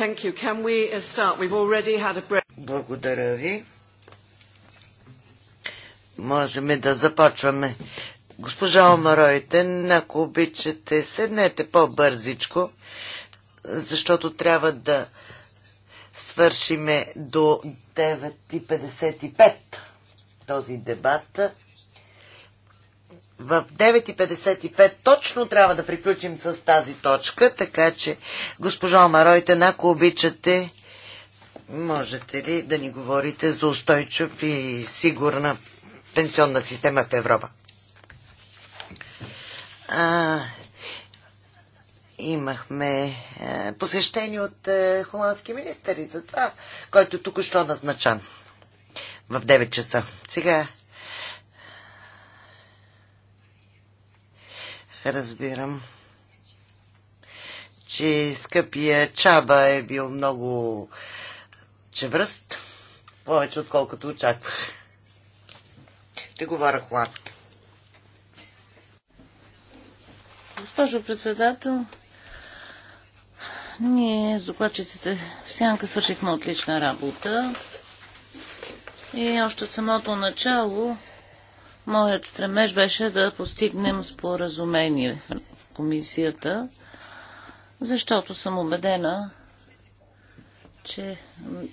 Thank you. Can we uh, start? We've already had a break. Благодаря ви. Можем да започваме. Госпожа Омароите, ако обичате, седнете по-бързичко, защото трябва да свършиме до 9.55 този дебат в 9.55 точно трябва да приключим с тази точка, така че госпожо Маройте, ако обичате, можете ли да ни говорите за устойчив и сигурна пенсионна система в Европа? А, имахме а, посещение от а, холандски министър и за това, който тук що назначан в 9 часа. Сега разбирам, че скъпия Чаба е бил много чевръст, повече отколкото очаквах. Ще говоря холандски. Госпожо председател, ние с докладчиците в Сянка свършихме отлична работа. И още от самото начало Моят стремеж беше да постигнем споразумение в комисията, защото съм убедена, че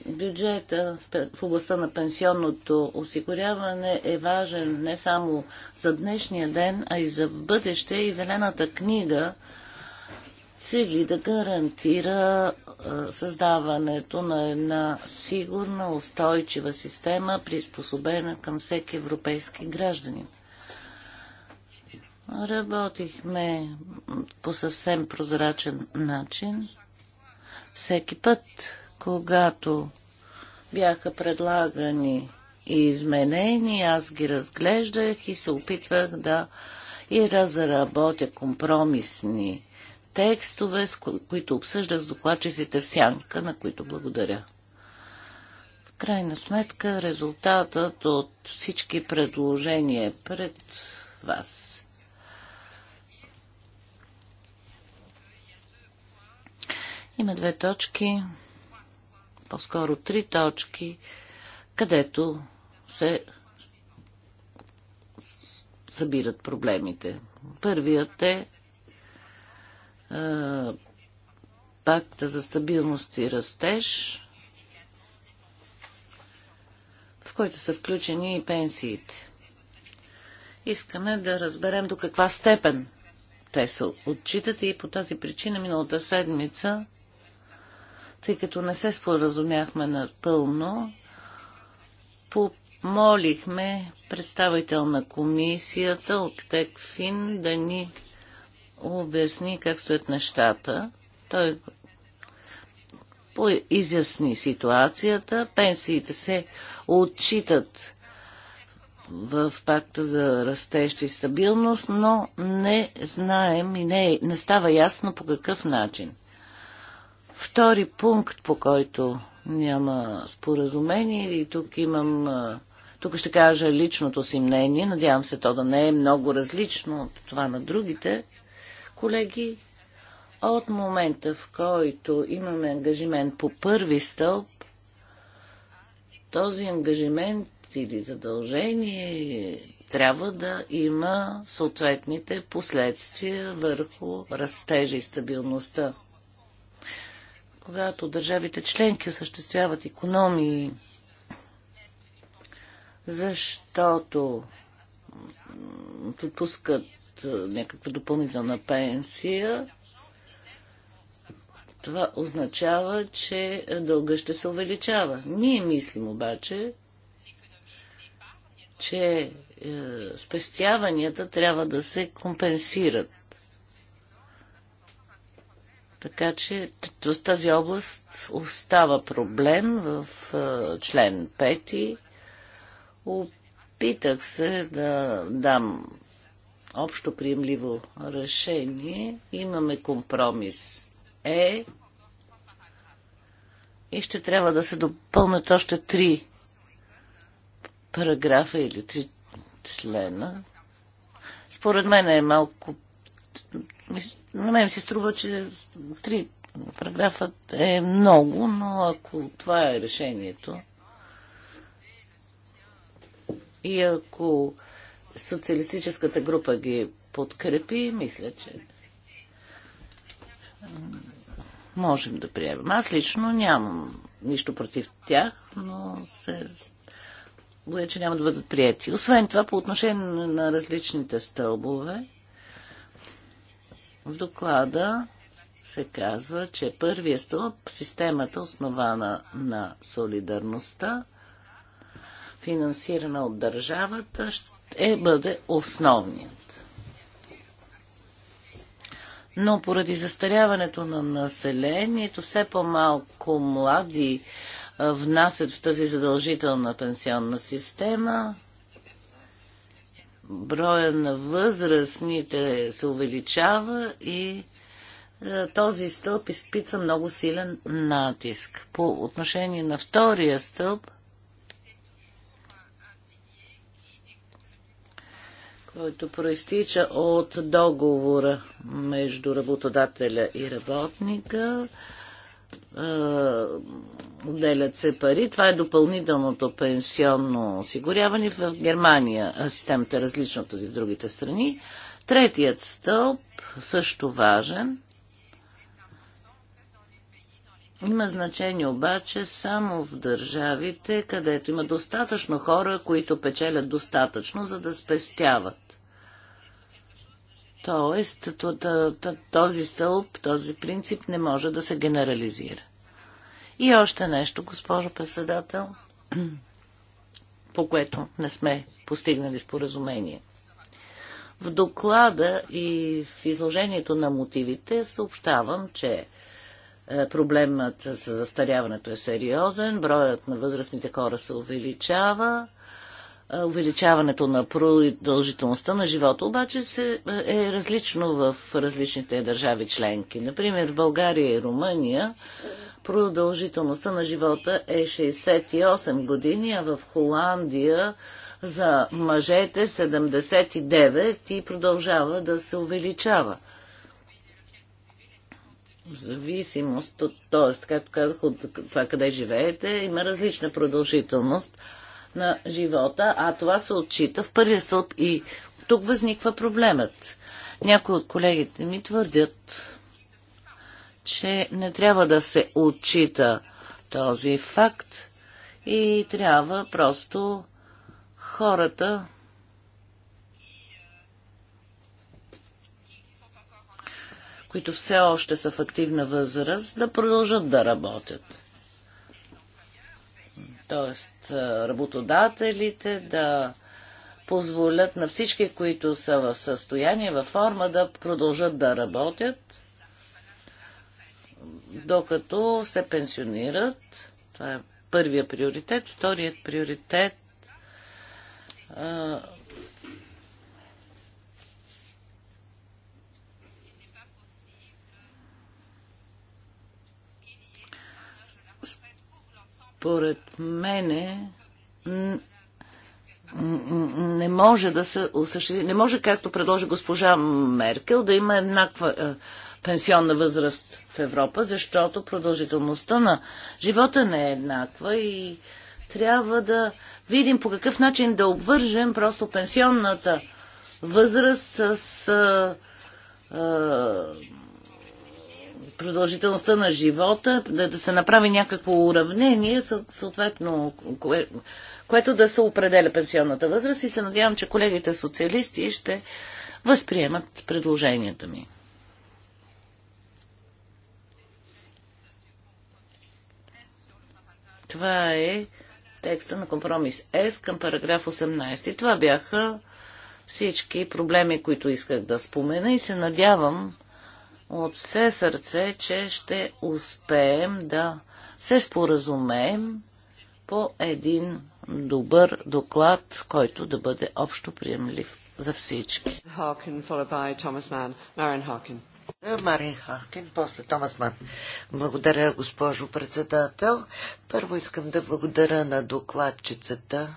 бюджета в областта на пенсионното осигуряване е важен не само за днешния ден, а и за бъдеще и зелената книга цели да гарантира създаването на една сигурна, устойчива система, приспособена към всеки европейски гражданин. Работихме по съвсем прозрачен начин. Всеки път, когато бяха предлагани и изменени, аз ги разглеждах и се опитвах да и разработя компромисни текстове, с кои, които обсъжда с докладчиците в сянка, на които благодаря. В крайна сметка резултатът от всички предложения е пред вас. Има две точки, по-скоро три точки, където се събират проблемите. Първият е пакта за стабилност и растеж, в който са включени и пенсиите. Искаме да разберем до каква степен те се отчитат и по тази причина миналата седмица, тъй като не се споразумяхме напълно, помолихме представител на комисията от ТЕКФИН да ни обясни как стоят нещата. Той изясни ситуацията. Пенсиите се отчитат в пакта за растещ и стабилност, но не знаем и не, не става ясно по какъв начин. Втори пункт, по който няма споразумение и тук имам тук ще кажа личното си мнение, надявам се то да не е много различно от това на другите. Колеги, от момента в който имаме ангажимент по първи стълб, този ангажимент или задължение трябва да има съответните последствия върху растежа и стабилността. Когато държавите членки осъществяват економии, защото отпускат е, някаква допълнителна пенсия, това означава, че дълга ще се увеличава. Ние мислим обаче, че е, спестяванията трябва да се компенсират. Така че в тази област остава проблем в е, член 5. Опитах се да дам общо приемливо решение. Имаме компромис Е и ще трябва да се допълнат още три параграфа или три члена. Според мен е малко... На мен се струва, че три параграфът е много, но ако това е решението и ако социалистическата група ги подкрепи, мисля, че можем да приемем. Аз лично нямам нищо против тях, но се боя, че няма да бъдат прияти. Освен това, по отношение на различните стълбове, в доклада се казва, че първият стълб, системата основана на солидарността, финансирана от държавата, ще е бъде основният. Но поради застаряването на населението, все по-малко млади внасят в тази задължителна пенсионна система. Броя на възрастните се увеличава и този стълб изпитва много силен натиск. По отношение на втория стълб, който проистича от договора между работодателя и работника. Отделят се пари. Това е допълнителното пенсионно осигуряване в Германия. Системата е различна от тази в другите страни. Третият стълб, също важен, има значение обаче само в държавите, където има достатъчно хора, които печелят достатъчно, за да спестяват. Тоест, този стълб, този принцип не може да се генерализира. И още нещо, госпожо председател, по което не сме постигнали споразумение. В доклада и в изложението на мотивите съобщавам, че е, проблемът с застаряването е сериозен, броят на възрастните хора се увеличава, увеличаването на продължителността на живота обаче се, е различно в различните държави членки. Например, в България и Румъния продължителността на живота е 68 години, а в Холандия за мъжете 79 и продължава да се увеличава. В зависимост от, т.е., както казах, от това къде живеете, има различна продължителност – на живота, а това се отчита в първия стълб и тук възниква проблемът. Някои от колегите ми твърдят, че не трябва да се отчита този факт и трябва просто хората които все още са в активна възраст, да продължат да работят. Т.е. работодателите да позволят на всички, които са в състояние, във форма да продължат да работят, докато се пенсионират. Това е първия приоритет. Вторият приоритет Поред мене не може да се осъществи, не може, както предложи госпожа Меркел, да има еднаква е, пенсионна възраст в Европа, защото продължителността на живота не е еднаква и трябва да видим по какъв начин да обвържем просто пенсионната възраст с е, е продължителността на живота, да, да се направи някакво уравнение, съответно, кое, което да се определя пенсионната възраст и се надявам, че колегите социалисти ще възприемат предложението ми. Това е текста на компромис С към параграф 18. това бяха всички проблеми, които исках да спомена и се надявам, от все сърце, че ще успеем да се споразумеем по един добър доклад, който да бъде общо приемлив за всички. Харкин, Марин Харкин, после Томас Ман. Благодаря, госпожо председател. Първо искам да благодаря на докладчицата.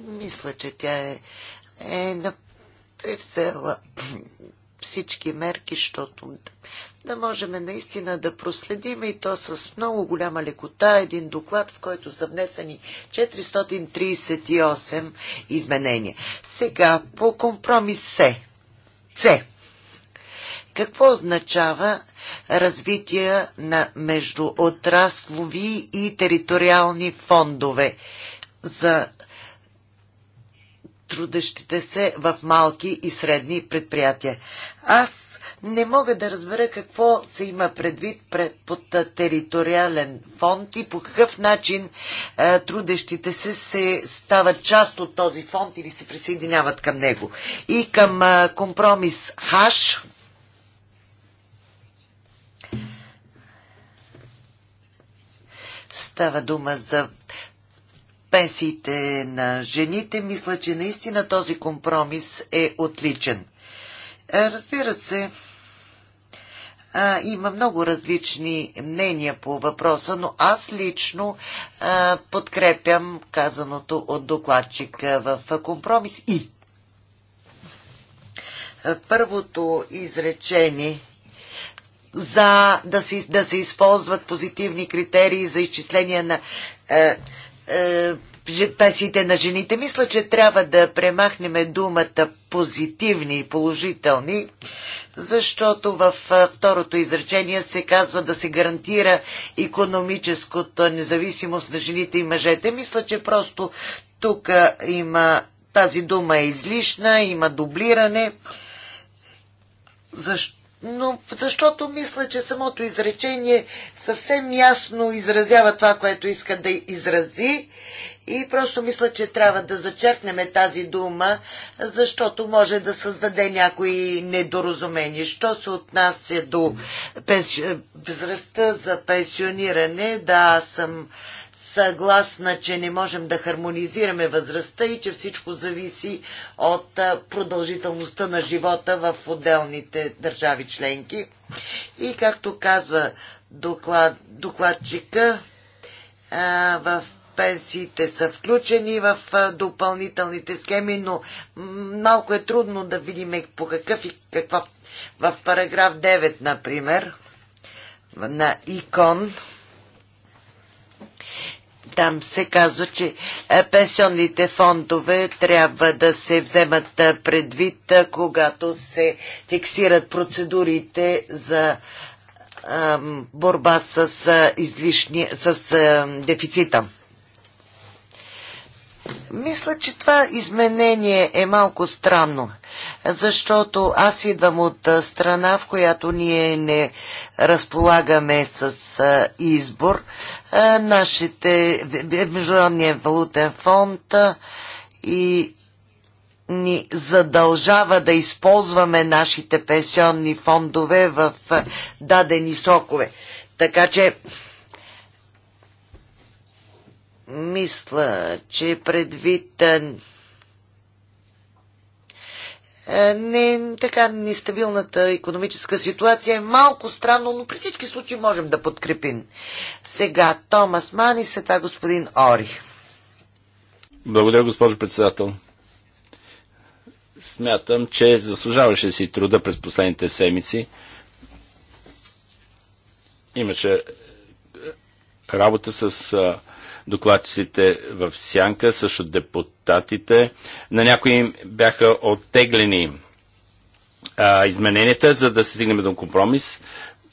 Мисля, че тя е, е е взела всички мерки, защото да, да можем наистина да проследим и то с много голяма лекота един доклад, в който са внесени 438 изменения. Сега по компромис С. С. Какво означава развитие на междуотраслови и териториални фондове за трудещите се в малки и средни предприятия. Аз не мога да разбера какво се има предвид пред, под териториален фонд и по какъв начин е, трудещите се, се стават част от този фонд или се присъединяват към него. И към е, компромис ХАШ. Става дума за пенсиите на жените. Мисля, че наистина този компромис е отличен. Разбира се, а, има много различни мнения по въпроса, но аз лично а, подкрепям казаното от докладчика в компромис и първото изречение за да се, да се използват позитивни критерии за изчисление на е, е, пасите на жените. Мисля, че трябва да премахнем думата позитивни и положителни, защото в е, второто изречение се казва да се гарантира економическото независимост на жените и мъжете. Мисля, че просто тук е, има тази дума е излишна, има дублиране. Защо? но защото мисля, че самото изречение съвсем ясно изразява това, което иска да изрази и просто мисля, че трябва да зачеркнем тази дума, защото може да създаде някои недоразумения. Що се отнася до пенс... възрастта за пенсиониране, да, аз съм съгласна, че не можем да хармонизираме възрастта и че всичко зависи от продължителността на живота в отделните държави членки. И както казва доклад, докладчика, в пенсиите са включени в допълнителните схеми, но малко е трудно да видим по какъв и каква в параграф 9, например, на икон, там се казва, че е, пенсионните фондове трябва да се вземат е, предвид, е, когато се фиксират процедурите за борба с излишни, с дефицита. Мисля, че това изменение е малко странно, защото аз идвам от страна, в която ние не разполагаме с избор. Нашите Международния валутен фонд и ни задължава да използваме нашите пенсионни фондове в дадени срокове. Така че мисля, че предвид не, така нестабилната економическа ситуация е малко странно, но при всички случаи можем да подкрепим. Сега Томас Ман и след това господин Ори. Благодаря, госпожо председател. Смятам, че заслужаваше си труда през последните седмици. Имаше работа с докладчиците в Сянка, също депутатите. На някои им бяха оттеглени а, измененията, за да се стигнем до компромис.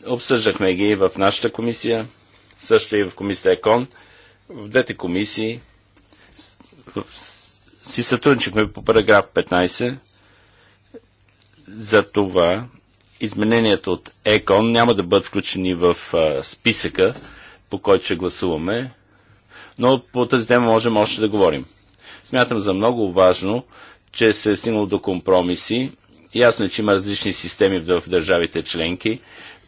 Обсъждахме ги в нашата комисия, също и в комисията ЕКОН. В двете комисии си сътрудничахме по параграф 15. За това измененията от ЕКОН няма да бъдат включени в а, списъка, по който ще гласуваме но по тази тема можем още да говорим. Смятам за много важно, че се е стигнало до компромиси. Ясно е, че има различни системи в държавите членки.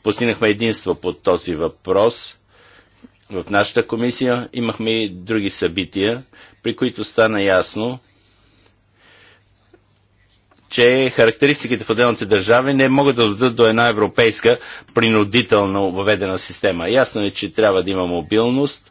Постигнахме единство под този въпрос. В нашата комисия имахме и други събития, при които стана ясно, че характеристиките в отделните държави не могат да дадат до една европейска принудително въведена система. Ясно е, че трябва да има мобилност,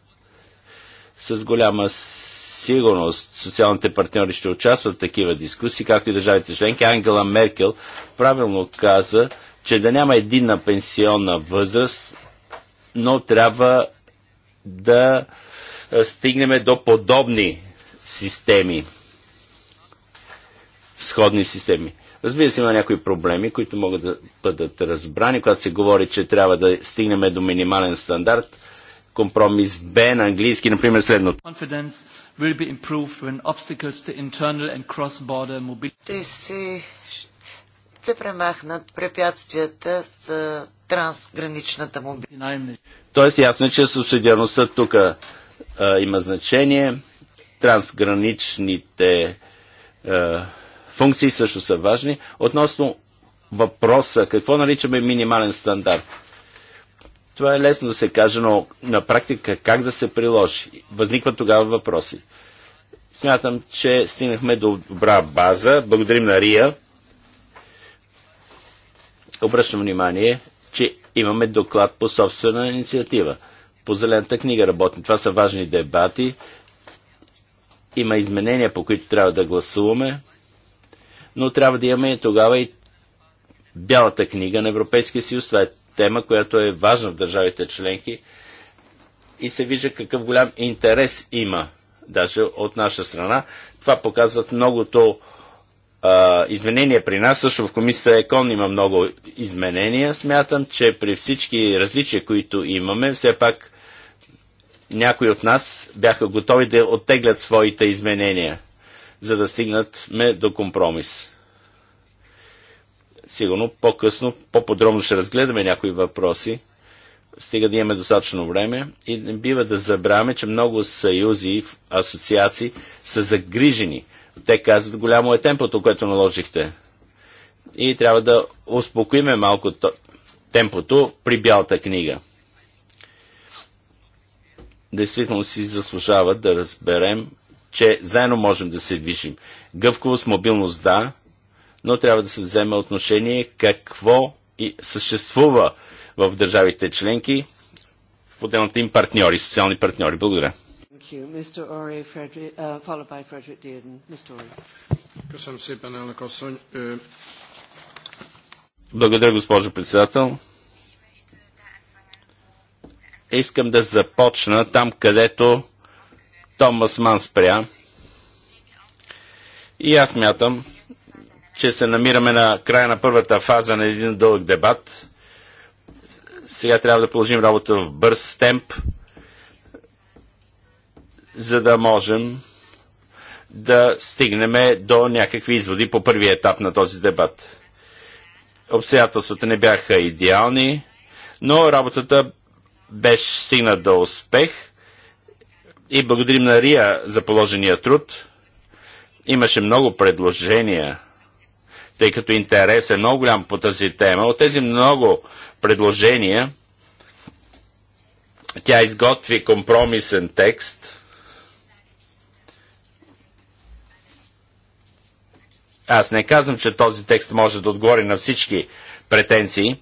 с голяма сигурност социалните партньори ще участват в такива дискусии, както и държавите членки. Ангела Меркел правилно каза, че да няма единна пенсионна възраст, но трябва да стигнем до подобни системи, сходни системи. Разбира се, има някои проблеми, които могат да бъдат разбрани, когато се говори, че трябва да стигнем до минимален стандарт. Компромис Б на английски, например, следното. Ще се, се премахнат препятствията с трансграничната мобилност. Тоест ясно е, че субсидиарността тук има значение. Трансграничните а, функции също са важни. Относно въпроса, какво наричаме минимален стандарт? Това е лесно да се каже, но на практика как да се приложи? Възникват тогава въпроси. Смятам, че стигнахме до добра база. Благодарим на Рия. Обръщам внимание, че имаме доклад по собствена инициатива. По зелената книга работим. Това са важни дебати. Има изменения, по които трябва да гласуваме. Но трябва да имаме тогава и бялата книга на Европейския съюз. Това е тема, която е важна в държавите членки и се вижда какъв голям интерес има даже от наша страна. Това показват многото а, изменения при нас. Също в комисията ЕКОН има много изменения. Смятам, че при всички различия, които имаме, все пак някои от нас бяха готови да оттеглят своите изменения, за да стигнат ме до компромис. Сигурно по-късно, по-подробно ще разгледаме някои въпроси, стига да имаме достатъчно време и не бива да забравяме, че много съюзи, асоциации са загрижени. Те казват, голямо е темпото, което наложихте. И трябва да успокоиме малко темпото при бялата книга. Действително си заслужава да разберем, че заедно можем да се движим. Гъвковост мобилност да, но трябва да се вземе отношение какво и съществува в държавите членки, в отделните им партньори, социални партньори. Благодаря. Uh, Благодаря, госпожо председател. Искам да започна там, където Томас Ман спря. И аз мятам, че се намираме на края на първата фаза на един дълъг дебат. Сега трябва да положим работа в бърз темп, за да можем да стигнем до някакви изводи по първия етап на този дебат. Обстоятелствата не бяха идеални, но работата беше стигна до успех и благодарим на Рия за положения труд. Имаше много предложения тъй като интерес е много голям по тази тема. От тези много предложения тя изготви компромисен текст. Аз не казвам, че този текст може да отговори на всички претенции.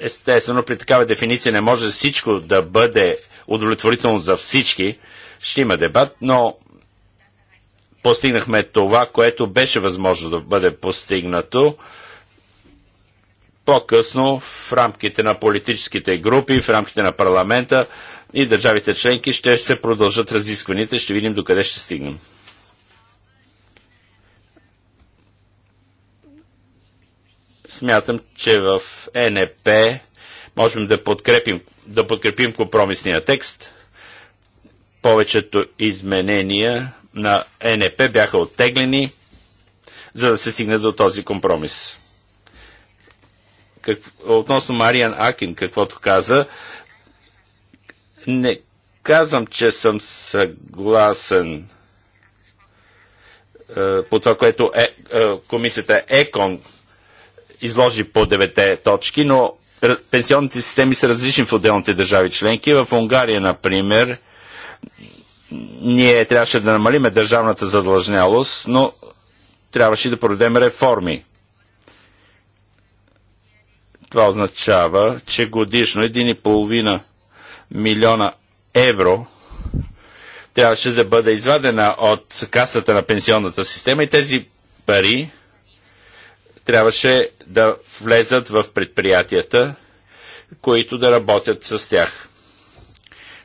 Естествено, при такава дефиниция не може всичко да бъде удовлетворително за всички. Ще има дебат, но постигнахме това, което беше възможно да бъде постигнато. По-късно, в рамките на политическите групи, в рамките на парламента и държавите членки ще се продължат разискванията, ще видим докъде ще стигнем. Смятам, че в НП можем да подкрепим, да подкрепим компромисния текст. Повечето изменения на НЕП бяха оттеглени, за да се стигне до този компромис. Как, относно Мариан Акин, каквото каза, не казвам, че съм съгласен е, по това, което е, е, комисията ЕКОН изложи по девете точки, но пенсионните системи са различни в отделните държави членки. В Унгария, например, ние трябваше да намалиме държавната задлъжнялост, но трябваше да проведем реформи. Това означава, че годишно 1,5 милиона евро трябваше да бъде извадена от касата на пенсионната система и тези пари трябваше да влезат в предприятията, които да работят с тях.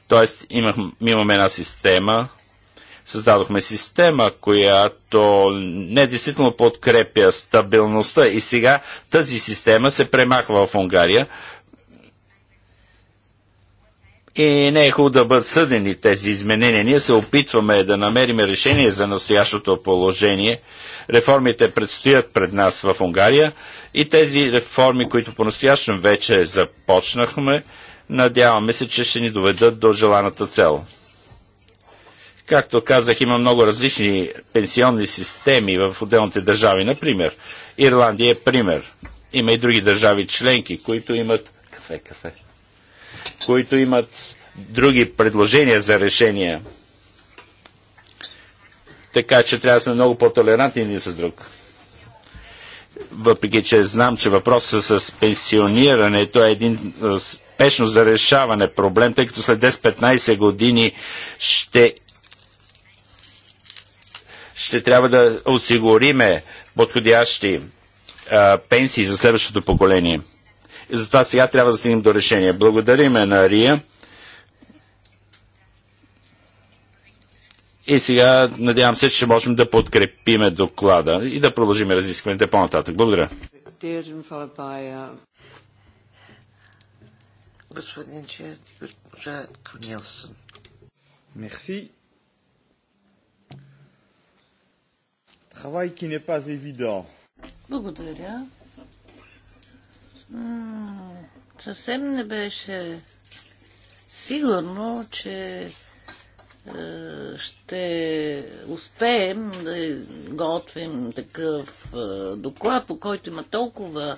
Тоест имах, имаме една система, създадохме система, която не действително подкрепя стабилността и сега тази система се премахва в Унгария. И не е хубаво да бъдат съдени тези изменения. Ние се опитваме да намерим решение за настоящото положение. Реформите предстоят пред нас в Унгария и тези реформи, които по-настоящем вече започнахме, Надяваме се, че ще ни доведат до желаната цел. Както казах, има много различни пенсионни системи в отделните държави. Например, Ирландия е пример. Има и други държави членки, които имат кафе, кафе, които имат други предложения за решения. Така че трябва да сме много по-толерантни един с друг. Въпреки, че знам, че въпросът с пенсионирането е един спешност за решаване проблем, тъй като след 10-15 години ще ще трябва да осигуриме подходящи а, пенсии за следващото поколение. И затова сега трябва да стигнем до решение. Благодариме на Рия. И сега надявам се, че можем да подкрепиме доклада и да продължим разискването по-нататък. Благодаря господин Черт и госпожа Конилсон. Мерси. Travail qui n'est pas évident. Благодаря. съвсем не беше сигурно, че е, ще успеем да готвим такъв е, доклад, по който има толкова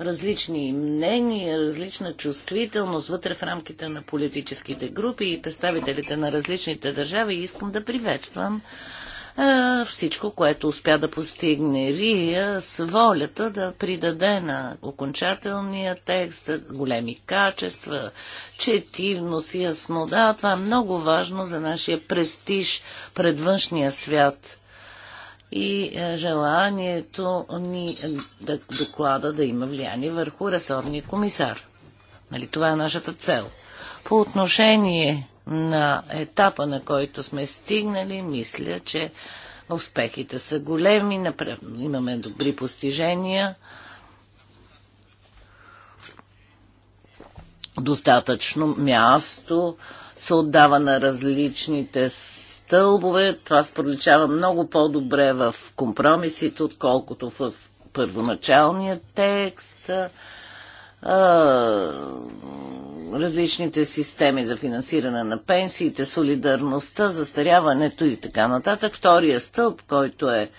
различни мнения, различна чувствителност вътре в рамките на политическите групи и представителите на различните държави. И искам да приветствам е, всичко, което успя да постигне Рия с волята да придаде на окончателния текст големи качества, четивност, яснота. Да, това е много важно за нашия престиж пред външния свят и е, желанието ни е, да доклада да има влияние върху ресорния комисар. Нали, това е нашата цел. По отношение на етапа, на който сме стигнали, мисля, че успехите са големи, имаме добри постижения. Достатъчно място се отдава на различните стълбове. Това проличава много по-добре в компромисите, отколкото в първоначалния текст. Различните системи за финансиране на пенсиите, солидарността, застаряването и така нататък. Втория стълб, който е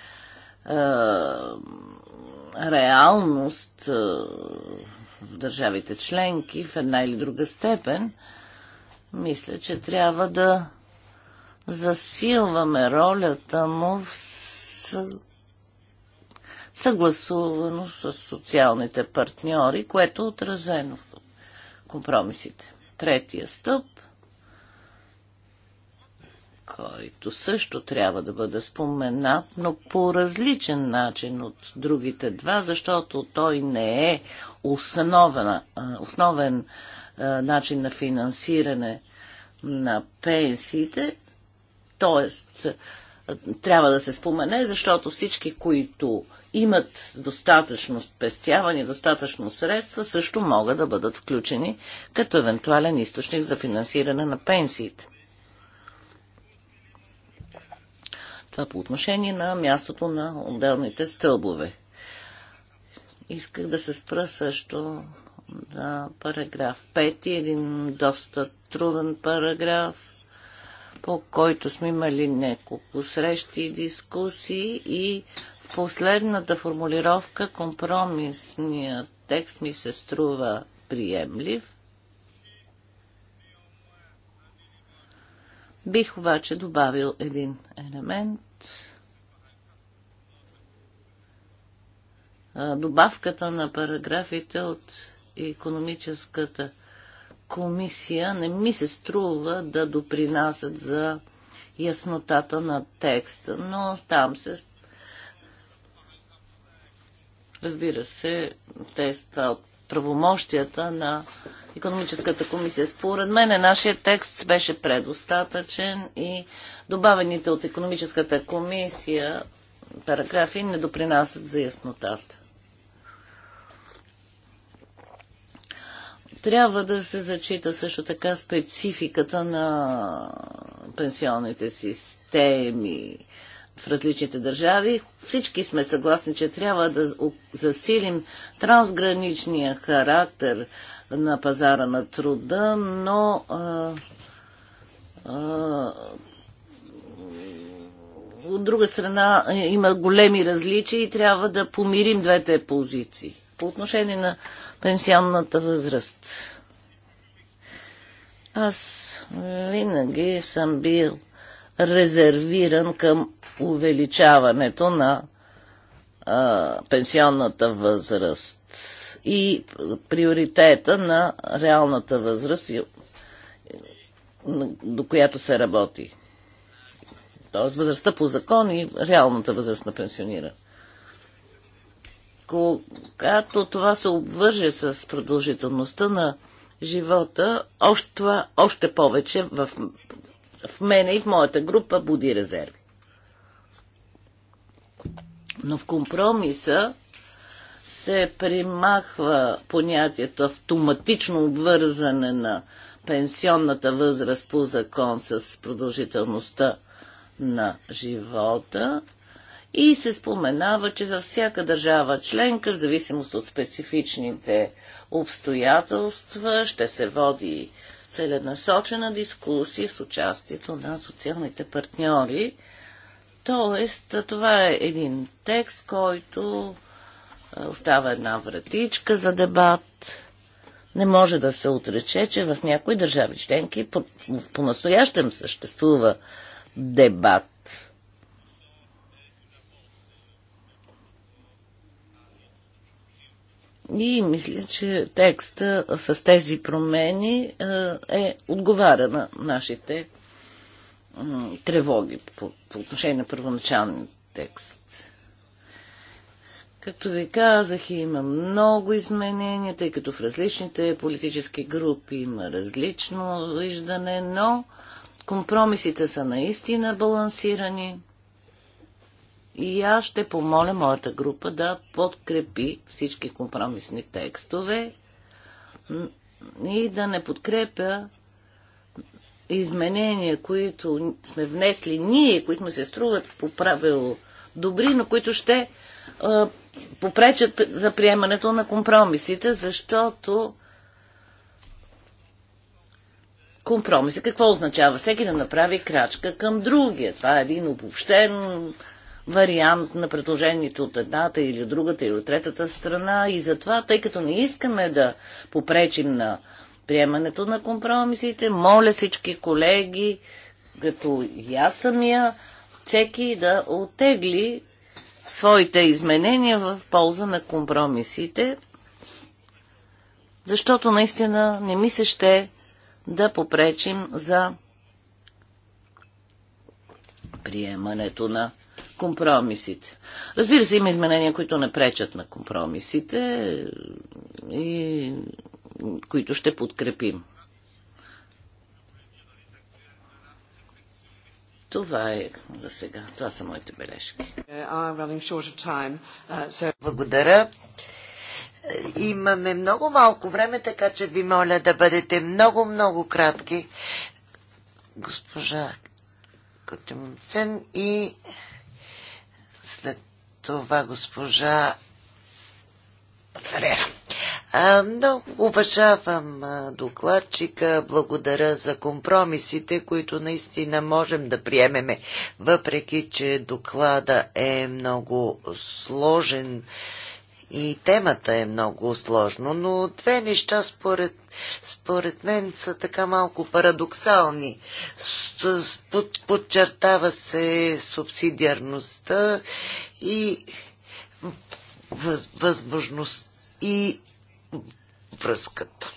реалност в държавите членки в една или друга степен, мисля, че трябва да засилваме ролята му в съгласувано с социалните партньори, което е отразено в компромисите. Третия стъп, който също трябва да бъде споменат, но по различен начин от другите два, защото той не е основен, основен начин на финансиране на пенсиите, Тоест, е, трябва да се спомене, защото всички, които имат достатъчно спестяване, достатъчно средства, също могат да бъдат включени като евентуален източник за финансиране на пенсиите. Това по отношение на мястото на отделните стълбове. Исках да се спра също на параграф 5, един доста труден параграф – по който сме имали няколко срещи и дискусии и в последната формулировка компромисният текст ми се струва приемлив. Бих обаче добавил един елемент. Добавката на параграфите от економическата комисия не ми се струва да допринасят за яснотата на текста, но там се разбира се, теста от правомощията на економическата комисия. Според мен нашия текст беше предостатъчен и добавените от економическата комисия параграфи не допринасят за яснотата. Трябва да се зачита също така спецификата на пенсионните системи в различните държави. Всички сме съгласни, че трябва да засилим трансграничния характер на пазара на труда, но а, а, от друга страна е, има големи различия и трябва да помирим двете позиции. По отношение на пенсионната възраст. Аз винаги съм бил резервиран към увеличаването на а, пенсионната възраст и приоритета на реалната възраст, до която се работи. Тоест възрастта по закон и реалната възраст на пенсиониране когато това се обвърже с продължителността на живота, още, това, още повече в, в мене и в моята група буди резерви. Но в компромиса се примахва понятието автоматично обвързане на пенсионната възраст по закон с продължителността на живота и се споменава, че във всяка държава членка, в зависимост от специфичните обстоятелства, ще се води целенасочена дискусия с участието на социалните партньори. Тоест, това е един текст, който остава една вратичка за дебат. Не може да се отрече, че в някои държави членки по-настоящем по съществува дебат И мисля, че текста с тези промени е отговаря на нашите тревоги по, по отношение на първоначалния текст. Като ви казах, има много изменения, тъй като в различните политически групи има различно виждане, но компромисите са наистина балансирани. И аз ще помоля моята група да подкрепи всички компромисни текстове и да не подкрепя изменения, които сме внесли ние, които ми се струват по правило добри, но които ще а, попречат за приемането на компромисите, защото компромиси какво означава? Всеки да направи крачка към другия. Това е един обобщен вариант на предложението от едната или от другата или от третата страна и затова, тъй като не искаме да попречим на приемането на компромисите, моля всички колеги, като и аз самия, всеки да отегли своите изменения в полза на компромисите, защото наистина не ми се ще да попречим за приемането на компромисите. Разбира се, има изменения, които не пречат на компромисите и които ще подкрепим. Това е за сега. Това са моите бележки. Благодаря. Имаме много малко време, така че ви моля да бъдете много-много кратки. Госпожа Котюмцен и това госпожа Фрера. Много уважавам докладчика, благодаря за компромисите, които наистина можем да приемеме, въпреки че доклада е много сложен и темата е много сложно, но две неща според, според мен са така малко парадоксални. Под, подчертава се субсидиарността и въз, възможност и връзката.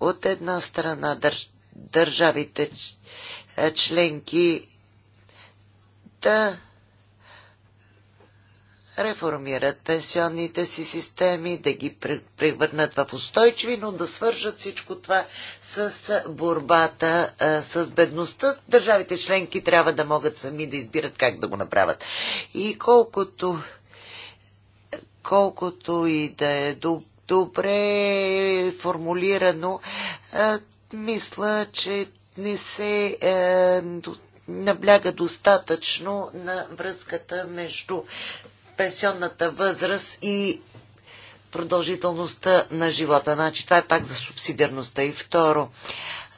От една страна държ, държавите членки да реформират пенсионните си системи, да ги превърнат в устойчиви, но да свържат всичко това с борбата с бедността. Държавите членки трябва да могат сами да избират как да го направят. И колкото, колкото и да е добре формулирано, мисля, че не се набляга достатъчно на връзката между пенсионната възраст и продължителността на живота. Значи това е пак за субсидиарността. И второ,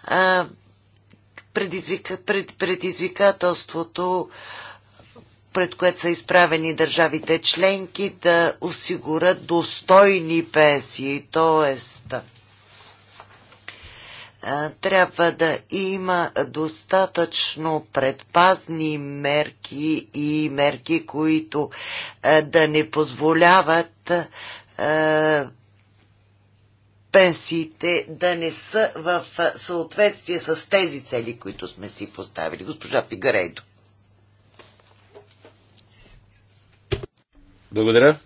а, предизвика, пред, предизвикателството, пред което са изправени държавите членки, да осигурят достойни пенсии, т.е трябва да има достатъчно предпазни мерки и мерки, които да не позволяват пенсиите да не са в съответствие с тези цели, които сме си поставили. Госпожа Фигарейдо. Благодаря.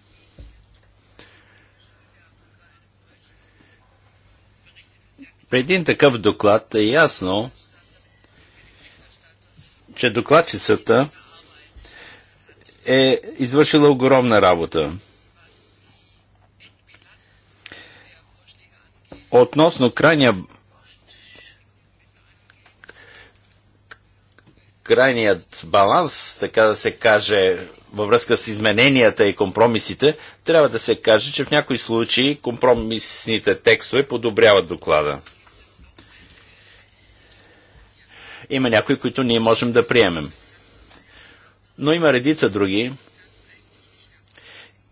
При един такъв доклад е ясно, че докладчицата е извършила огромна работа. Относно крайния крайният баланс, така да се каже, във връзка с измененията и компромисите, трябва да се каже, че в някои случаи компромисните текстове подобряват доклада. Има някои, които ние можем да приемем. Но има редица други,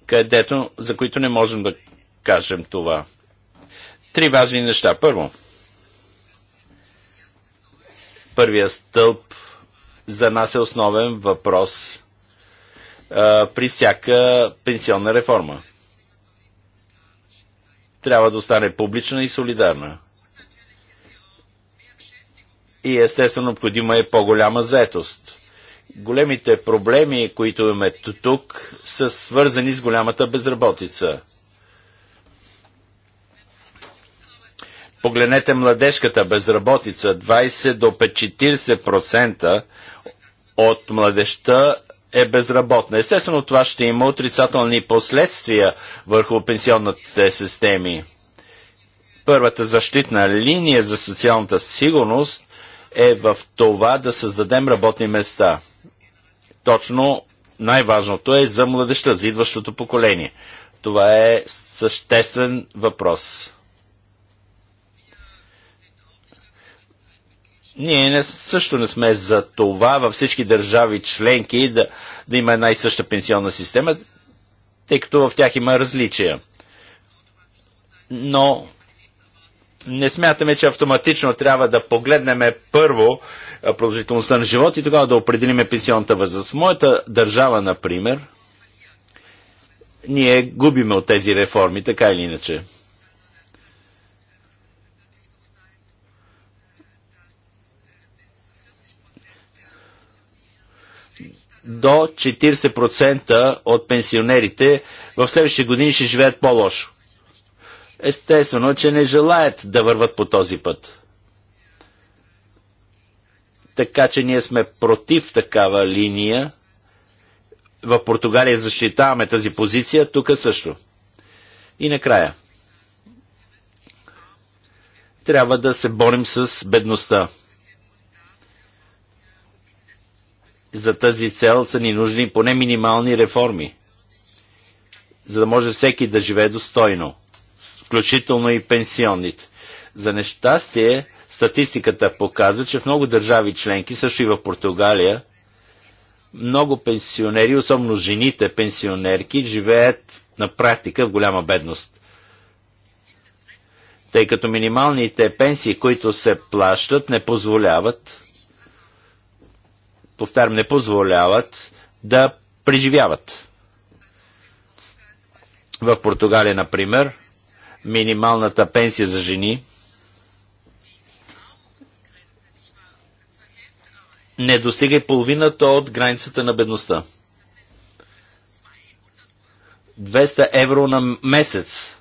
където, за които не можем да кажем това. Три важни неща. Първо, първия стълб за нас е основен въпрос а, при всяка пенсионна реформа. Трябва да остане публична и солидарна и естествено необходима е по-голяма заетост. Големите проблеми, които имаме тук, са свързани с голямата безработица. Погледнете младежката безработица. 20 до 40% от младежта е безработна. Естествено, това ще има отрицателни последствия върху пенсионните системи. Първата защитна линия за социалната сигурност е в това да създадем работни места. Точно най-важното е за младеща, за идващото поколение. Това е съществен въпрос. Ние не, също не сме за това във всички държави членки да, да има една и съща пенсионна система, тъй като в тях има различия. Но не смятаме, че автоматично трябва да погледнем първо продължителността на живот и тогава да определим пенсионната възраст. В моята държава, например, ние губиме от тези реформи, така или иначе. До 40% от пенсионерите в следващите години ще живеят по-лошо естествено, че не желаят да върват по този път. Така че ние сме против такава линия. В Португалия защитаваме тази позиция, тук също. И накрая. Трябва да се борим с бедността. За тази цел са ни нужни поне минимални реформи, за да може всеки да живее достойно включително и пенсионните. За нещастие, статистиката показва, че в много държави членки, също и в Португалия, много пенсионери, особено жените пенсионерки, живеят на практика в голяма бедност. Тъй като минималните пенсии, които се плащат, не позволяват, повтарям, не позволяват да преживяват. В Португалия, например, минималната пенсия за жени. Не достига и половината от границата на бедността. 200 евро на месец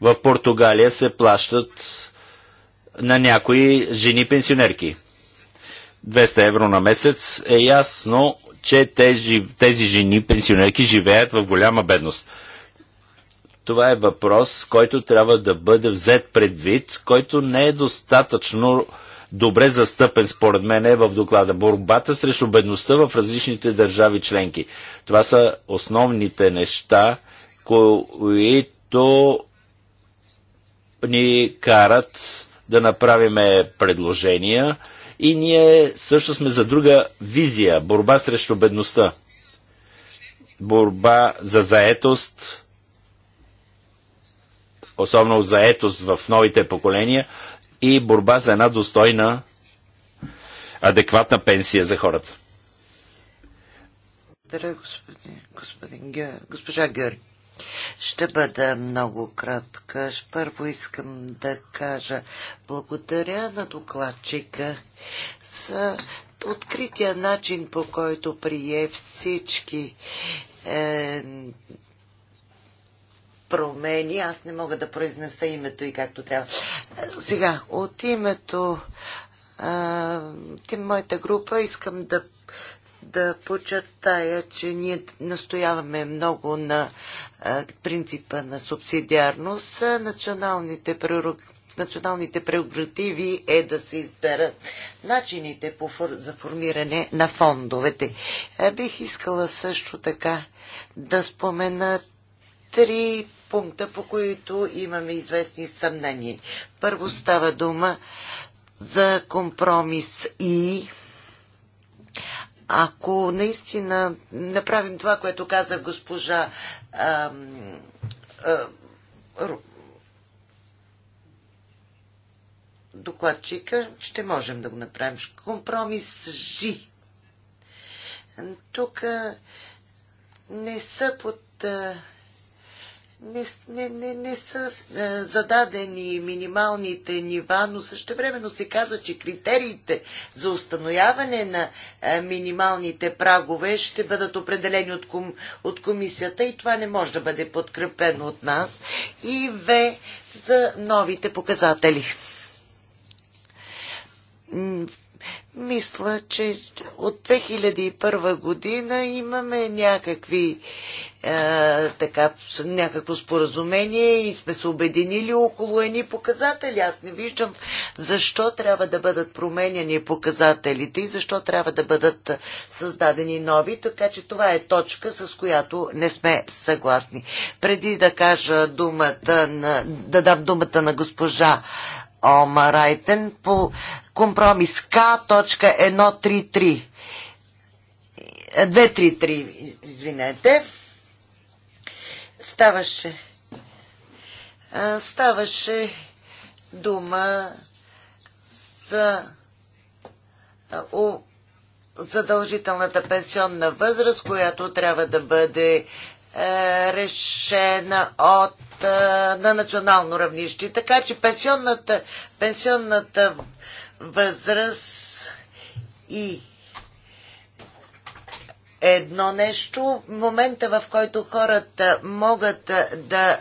в Португалия се плащат на някои жени пенсионерки. 200 евро на месец е ясно, че тези, тези жени пенсионерки живеят в голяма бедност. Това е въпрос, който трябва да бъде взет предвид, който не е достатъчно добре застъпен според мен е в доклада. Борбата срещу бедността в различните държави членки. Това са основните неща, които ни карат да направиме предложения и ние също сме за друга визия. Борба срещу бедността. Борба за заетост, особено заетост в новите поколения и борба за една достойна, адекватна пенсия за хората. Благодаря, господин, господин, госпожа Георги. Ще бъда много кратка. Първо искам да кажа благодаря на докладчика за открития начин, по който прие всички е, промени. Аз не мога да произнеса името и както трябва. Е, сега, от името а, моята група искам да, да подчертая, че ние настояваме много на а, принципа на субсидиарност. Националните прерогативи националните прерогативи е да се изберат начините по, за формиране на фондовете. Е, бих искала също така да спомена три пункта, по които имаме известни съмнения. Първо става дума за компромис и ако наистина направим това, което каза госпожа а, а, докладчика, ще можем да го направим. Компромис Жи. Тук не са под а, не, не, не, не са е, зададени минималните нива, но също времено се казва, че критериите за установяване на е, минималните прагове ще бъдат определени от, ком, от комисията и това не може да бъде подкрепено от нас. И В за новите показатели. Мисля, че от 2001 година имаме някакви а, е, така, някакво споразумение и сме се обединили около едни показатели. Аз не виждам защо трябва да бъдат променени показателите и защо трябва да бъдат създадени нови, така че това е точка, с която не сме съгласни. Преди да кажа думата на, да дам думата на госпожа Ома Райтен по компромис К.133. 233, извинете. Ставаше. Ставаше дума за задължителната пенсионна възраст, която трябва да бъде е, решена от, е, на национално равнище. Така че пенсионната, пенсионната възраст и едно нещо, момента в който хората могат да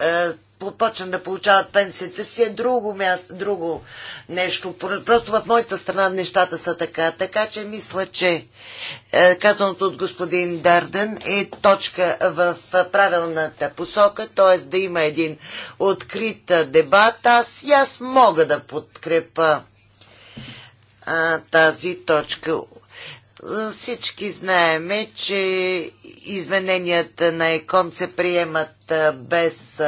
е, почнат да получават пенсията си е друго място, друго нещо. Просто в моята страна нещата са така. Така че мисля, че е, казаното от господин Дарден е точка в правилната посока, т.е. да има един открит дебат. Аз и аз мога да подкрепа а, тази точка всички знаеме, че измененията на ЕКОН се приемат без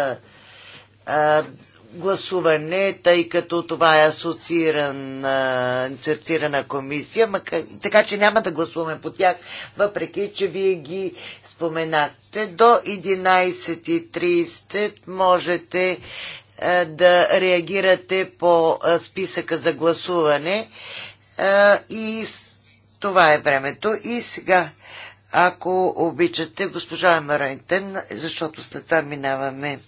а, гласуване, тъй като това е асоциирана, асоциирана комисия, макар, така че няма да гласуваме по тях, въпреки че вие ги споменахте. До 11.30 можете а, да реагирате по а, списъка за гласуване а, и това е времето. И сега, ако обичате, госпожа Емерентен, защото след това минаваме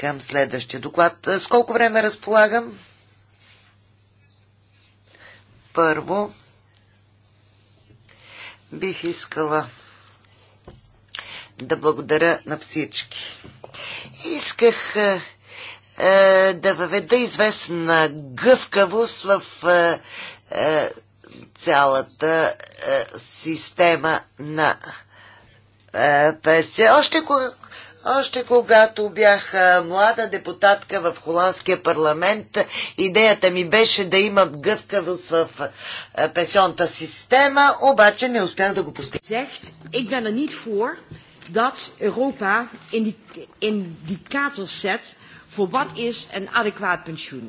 към следващия доклад. Е, с колко време разполагам? Първо, бих искала да благодаря на всички. Исках е, е да въведа известна гъвкавост в е, е, цялата е, система на е, ПСЕ. Още още когато бях млада депутатка в Холандския парламент, идеята ми беше да имам гъвкавост в е, пенсионната система, обаче не успях да го постигна. Ik ben er niet voor dat Europa indicators zet voor wat is een adequaat pensioen.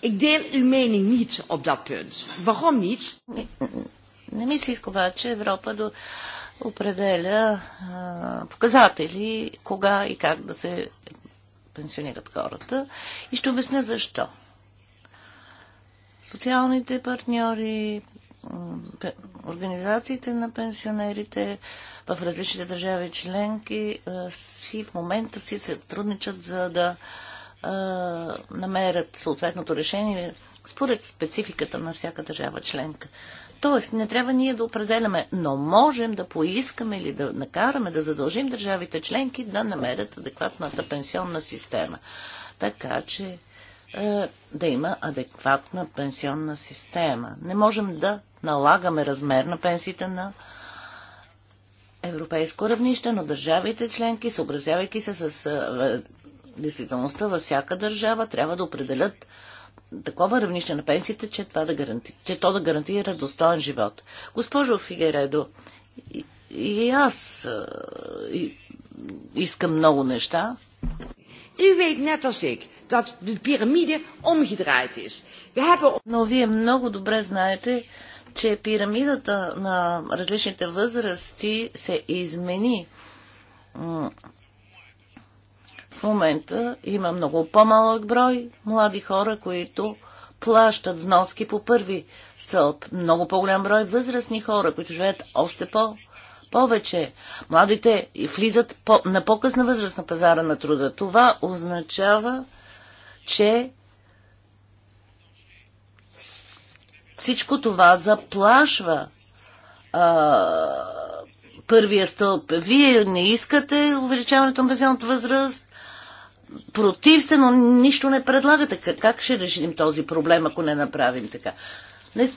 Ik deel uw mening niet op dat punt. Waarom niet? Не ми се иска обаче Европа да определя а, показатели, кога и как да се пенсионират хората. И ще обясня защо. Социалните партньори, организациите на пенсионерите в различните държави членки си в момента си се трудничат за да а, намерят съответното решение според спецификата на всяка държава членка. Тоест, не трябва ние да определяме, но можем да поискаме или да накараме да задължим държавите членки да намерят адекватната пенсионна система. Така че е, да има адекватна пенсионна система. Не можем да налагаме размер на пенсиите на европейско равнище, но държавите членки, съобразявайки се с е, е действителността във всяка държава, трябва да определят такова равнище на пенсията, че, това да гаранти... че то да гарантира достоен живот. Госпожо Фигередо, и, и аз и, искам много неща. И weet net als ik dat de piramide omgedraaid is. We hebben... Но вие много добре знаете, че пирамидата на различните възрасти се измени в момента има много по-малък брой млади хора, които плащат вноски по първи стълб. Много по-голям брой възрастни хора, които живеят още по- повече. Младите влизат по- на по-късна възраст на пазара на труда. Това означава, че всичко това заплашва а, първия стълб. Вие не искате увеличаването на пенсионната възраст, против се, но нищо не предлагате. Как ще решим този проблем, ако не направим така? Не,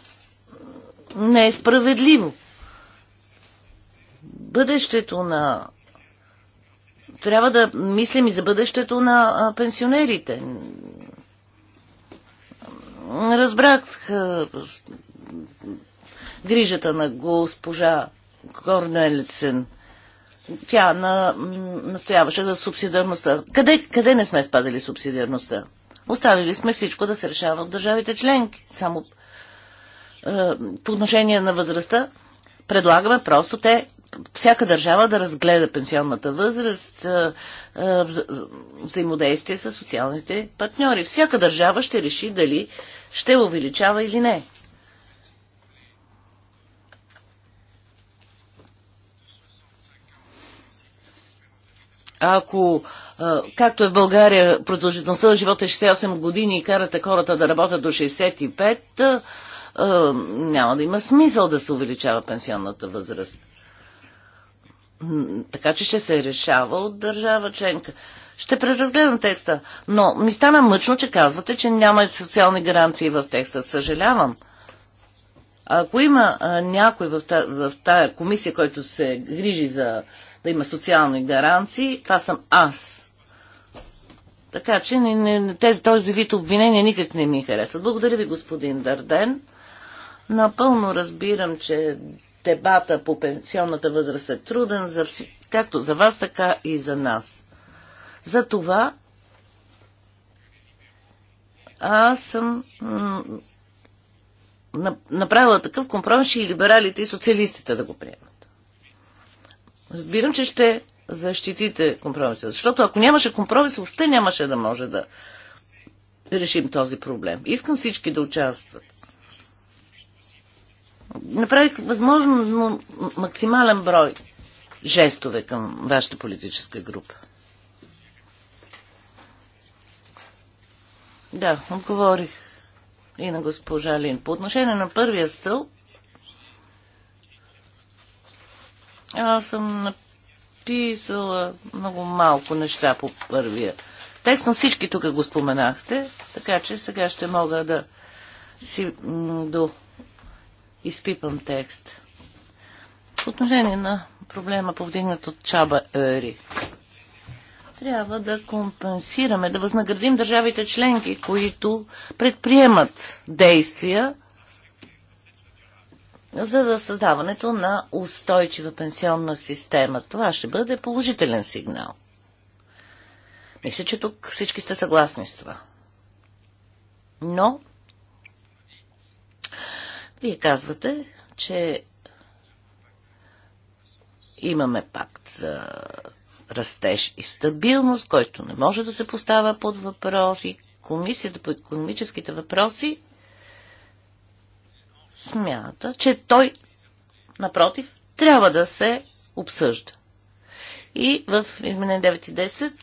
не е справедливо. Бъдещето на. Трябва да мислим и за бъдещето на пенсионерите. Разбрах грижата на госпожа Корнелсен тя на, настояваше за субсидиарността. Къде, къде не сме спазили субсидиарността? Оставили сме всичко да се решава от държавите членки. Само е, по отношение на възрастта предлагаме просто те всяка държава да разгледа пенсионната възраст, е, е, взаимодействие с социалните партньори. Всяка държава ще реши дали ще увеличава или не Ако, както е в България, продължителността на живота е 68 години и карате хората да работят до 65, няма да има смисъл да се увеличава пенсионната възраст. Така че ще се е решава от държава членка. Ще преразгледам текста, но ми стана мъчно, че казвате, че няма социални гаранции в текста. Съжалявам. Ако има а, някой в, та, в тая комисия, който се грижи за да има социални гаранции. Това съм аз. Така че не, не, тези, този вид обвинения никак не ми харесват. Благодаря ви, господин Дарден. Напълно разбирам, че дебата по пенсионната възраст е труден за вси, както за вас, така и за нас. За това аз съм направила такъв компромис и либералите и социалистите да го приемат разбирам, че ще защитите компромиса. Защото ако нямаше компромис, още нямаше да може да решим този проблем. Искам всички да участват. Направих възможно максимален брой жестове към вашата политическа група. Да, отговорих и на госпожа Лин. По отношение на първия стълб, Аз съм написала много малко неща по първия текст, но всички тук го споменахте, така че сега ще мога да си до изпипам текст. По отношение на проблема, повдигнат от Чаба Ери, трябва да компенсираме, да възнаградим държавите членки, които предприемат действия за да създаването на устойчива пенсионна система. Това ще бъде положителен сигнал. Мисля, че тук всички сте съгласни с това. Но, вие казвате, че имаме пакт за растеж и стабилност, който не може да се поставя под въпроси. Комисията по економическите въпроси смята, че той, напротив, трябва да се обсъжда. И в измене 9 и 10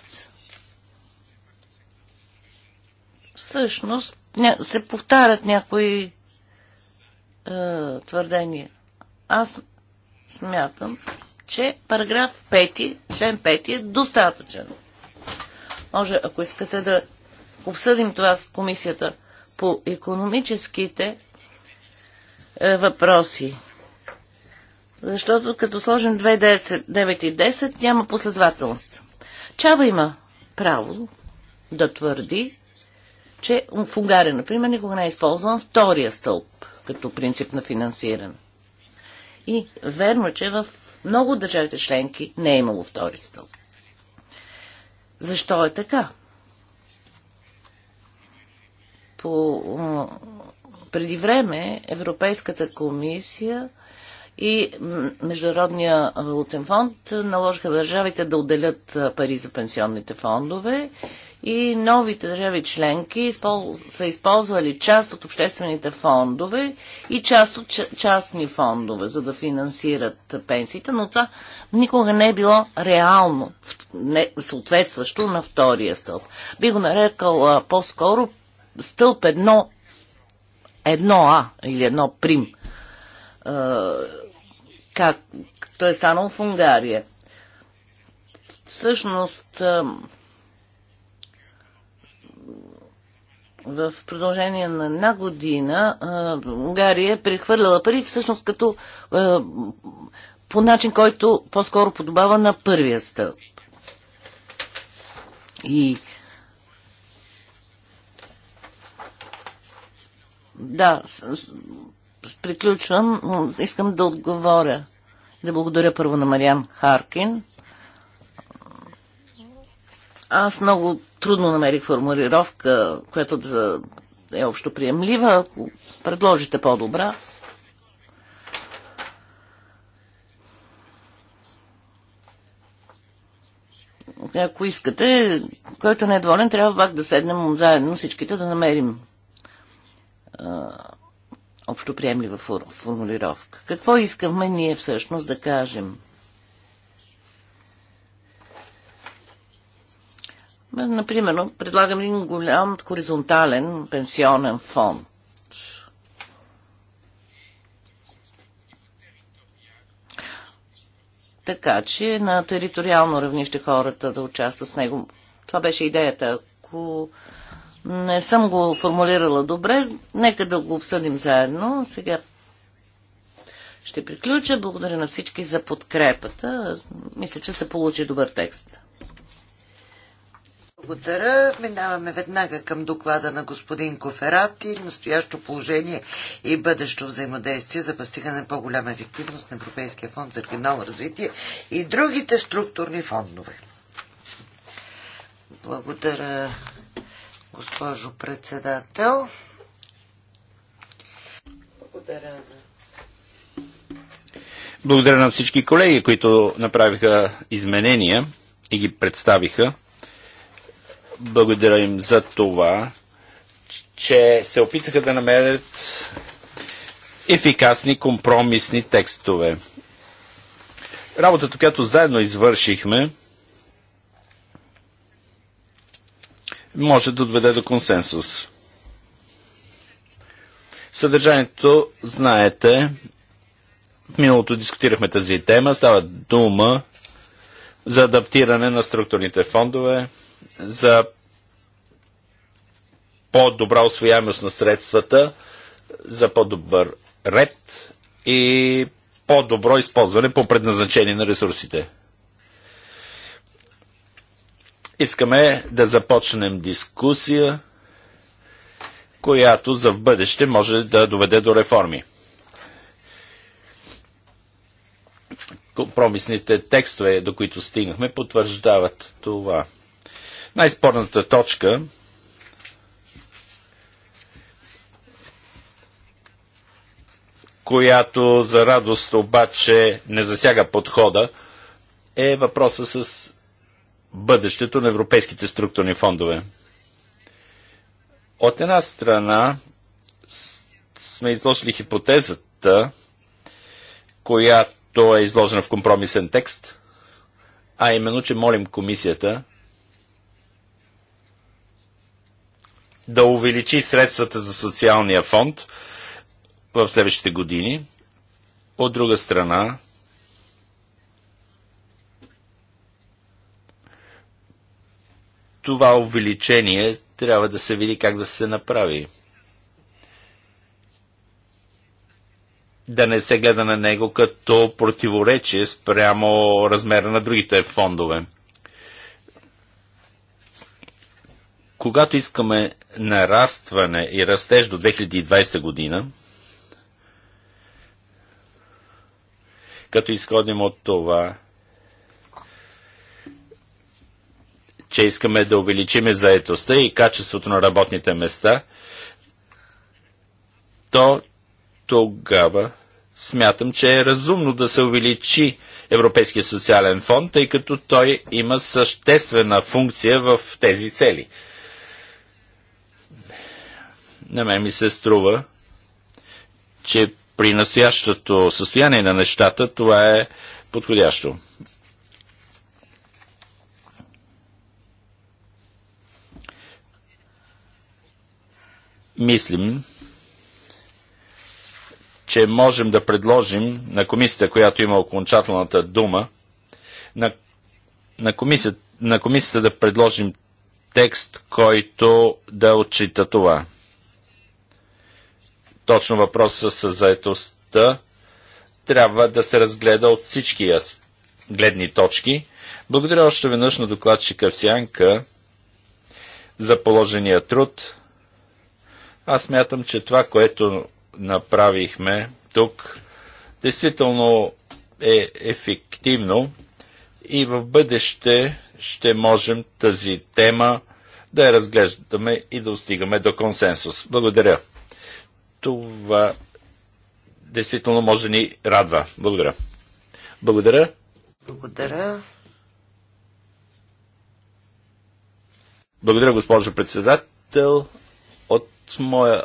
всъщност се повтарят някои е, твърдения. Аз смятам, че параграф 5, член 5 е достатъчен. Може, ако искате да обсъдим това с комисията по економическите е, въпроси. Защото като сложим 2, 9 и 10 няма последователност. Чава има право да твърди, че в Унгария, например, никога не е използван втория стълб като принцип на финансиране. И верно, е, че в много от държавите членки не е имало втори стълб. Защо е така? По преди време Европейската комисия и Международния валутен фонд наложиха държавите да отделят пари за пенсионните фондове и новите държави членки са използвали част от обществените фондове и част от частни фондове, за да финансират пенсиите, но това никога не е било реално не, съответстващо на втория стълб. Би го нарекал по-скоро стълб едно едно А или едно Прим. Как той е станал в Унгария. Всъщност, в продължение на една година Унгария е прехвърляла пари, всъщност като по начин, който по-скоро подобава на първия стълб. И Да, с, с, приключвам. Искам да отговоря. Да благодаря първо на Мариан Харкин. Аз много трудно намерих формулировка, която да е общо приемлива. Ако предложите по-добра, ако искате, който не е доволен, трябва пак да седнем заедно всичките да намерим общоприемлива фор, формулировка. Какво искаме ние всъщност да кажем? Например, предлагам един голям хоризонтален пенсионен фонд. Така че на териториално равнище хората да участват с него. Това беше идеята. Ако не съм го формулирала добре. Нека да го обсъдим заедно. Сега ще приключа. Благодаря на всички за подкрепата. Мисля, че се получи добър текст. Благодаря. Минаваме веднага към доклада на господин Коферати. Настоящо положение и бъдещо взаимодействие за постигане по-голяма ефективност на Европейския фонд за регионално развитие и другите структурни фондове. Благодаря, госпожо председател. Благодаря на благодаря на всички колеги, които направиха изменения и ги представиха. Благодаря им за това, че се опитаха да намерят ефикасни компромисни текстове. Работата, която заедно извършихме, може да доведе до консенсус. Съдържанието, знаете, в миналото дискутирахме тази тема, става дума за адаптиране на структурните фондове, за по-добра освояемост на средствата, за по-добър ред и по-добро използване по предназначение на ресурсите. Искаме да започнем дискусия, която за в бъдеще може да доведе до реформи. Компромисните текстове, до които стигнахме, потвърждават това. Най-спорната точка която за радост обаче не засяга подхода, е въпроса с бъдещето на европейските структурни фондове. От една страна сме изложили хипотезата, която е изложена в компромисен текст, а именно, че молим комисията да увеличи средствата за социалния фонд в следващите години. От друга страна, това увеличение трябва да се види как да се направи. Да не се гледа на него като противоречие спрямо размера на другите фондове. Когато искаме нарастване и растеж до 2020 година, като изходим от това, че искаме да увеличиме заетостта и качеството на работните места, то тогава смятам, че е разумно да се увеличи Европейския социален фонд, тъй като той има съществена функция в тези цели. На мен ми се струва, че при настоящото състояние на нещата това е подходящо. мислим, че можем да предложим на комисията, която има окончателната дума, на, на, комисията, на комисията да предложим текст, който да отчита това. Точно въпросът с заетостта трябва да се разгледа от всички гледни точки. Благодаря още веднъж на докладчика Сянка за положения труд. Аз мятам, че това, което направихме тук, действително е ефективно и в бъдеще ще можем тази тема да я разглеждаме и да достигаме до консенсус. Благодаря. Това действително може да ни радва. Благодаря. Благодаря. Благодаря. Благодаря, госпожо председател моя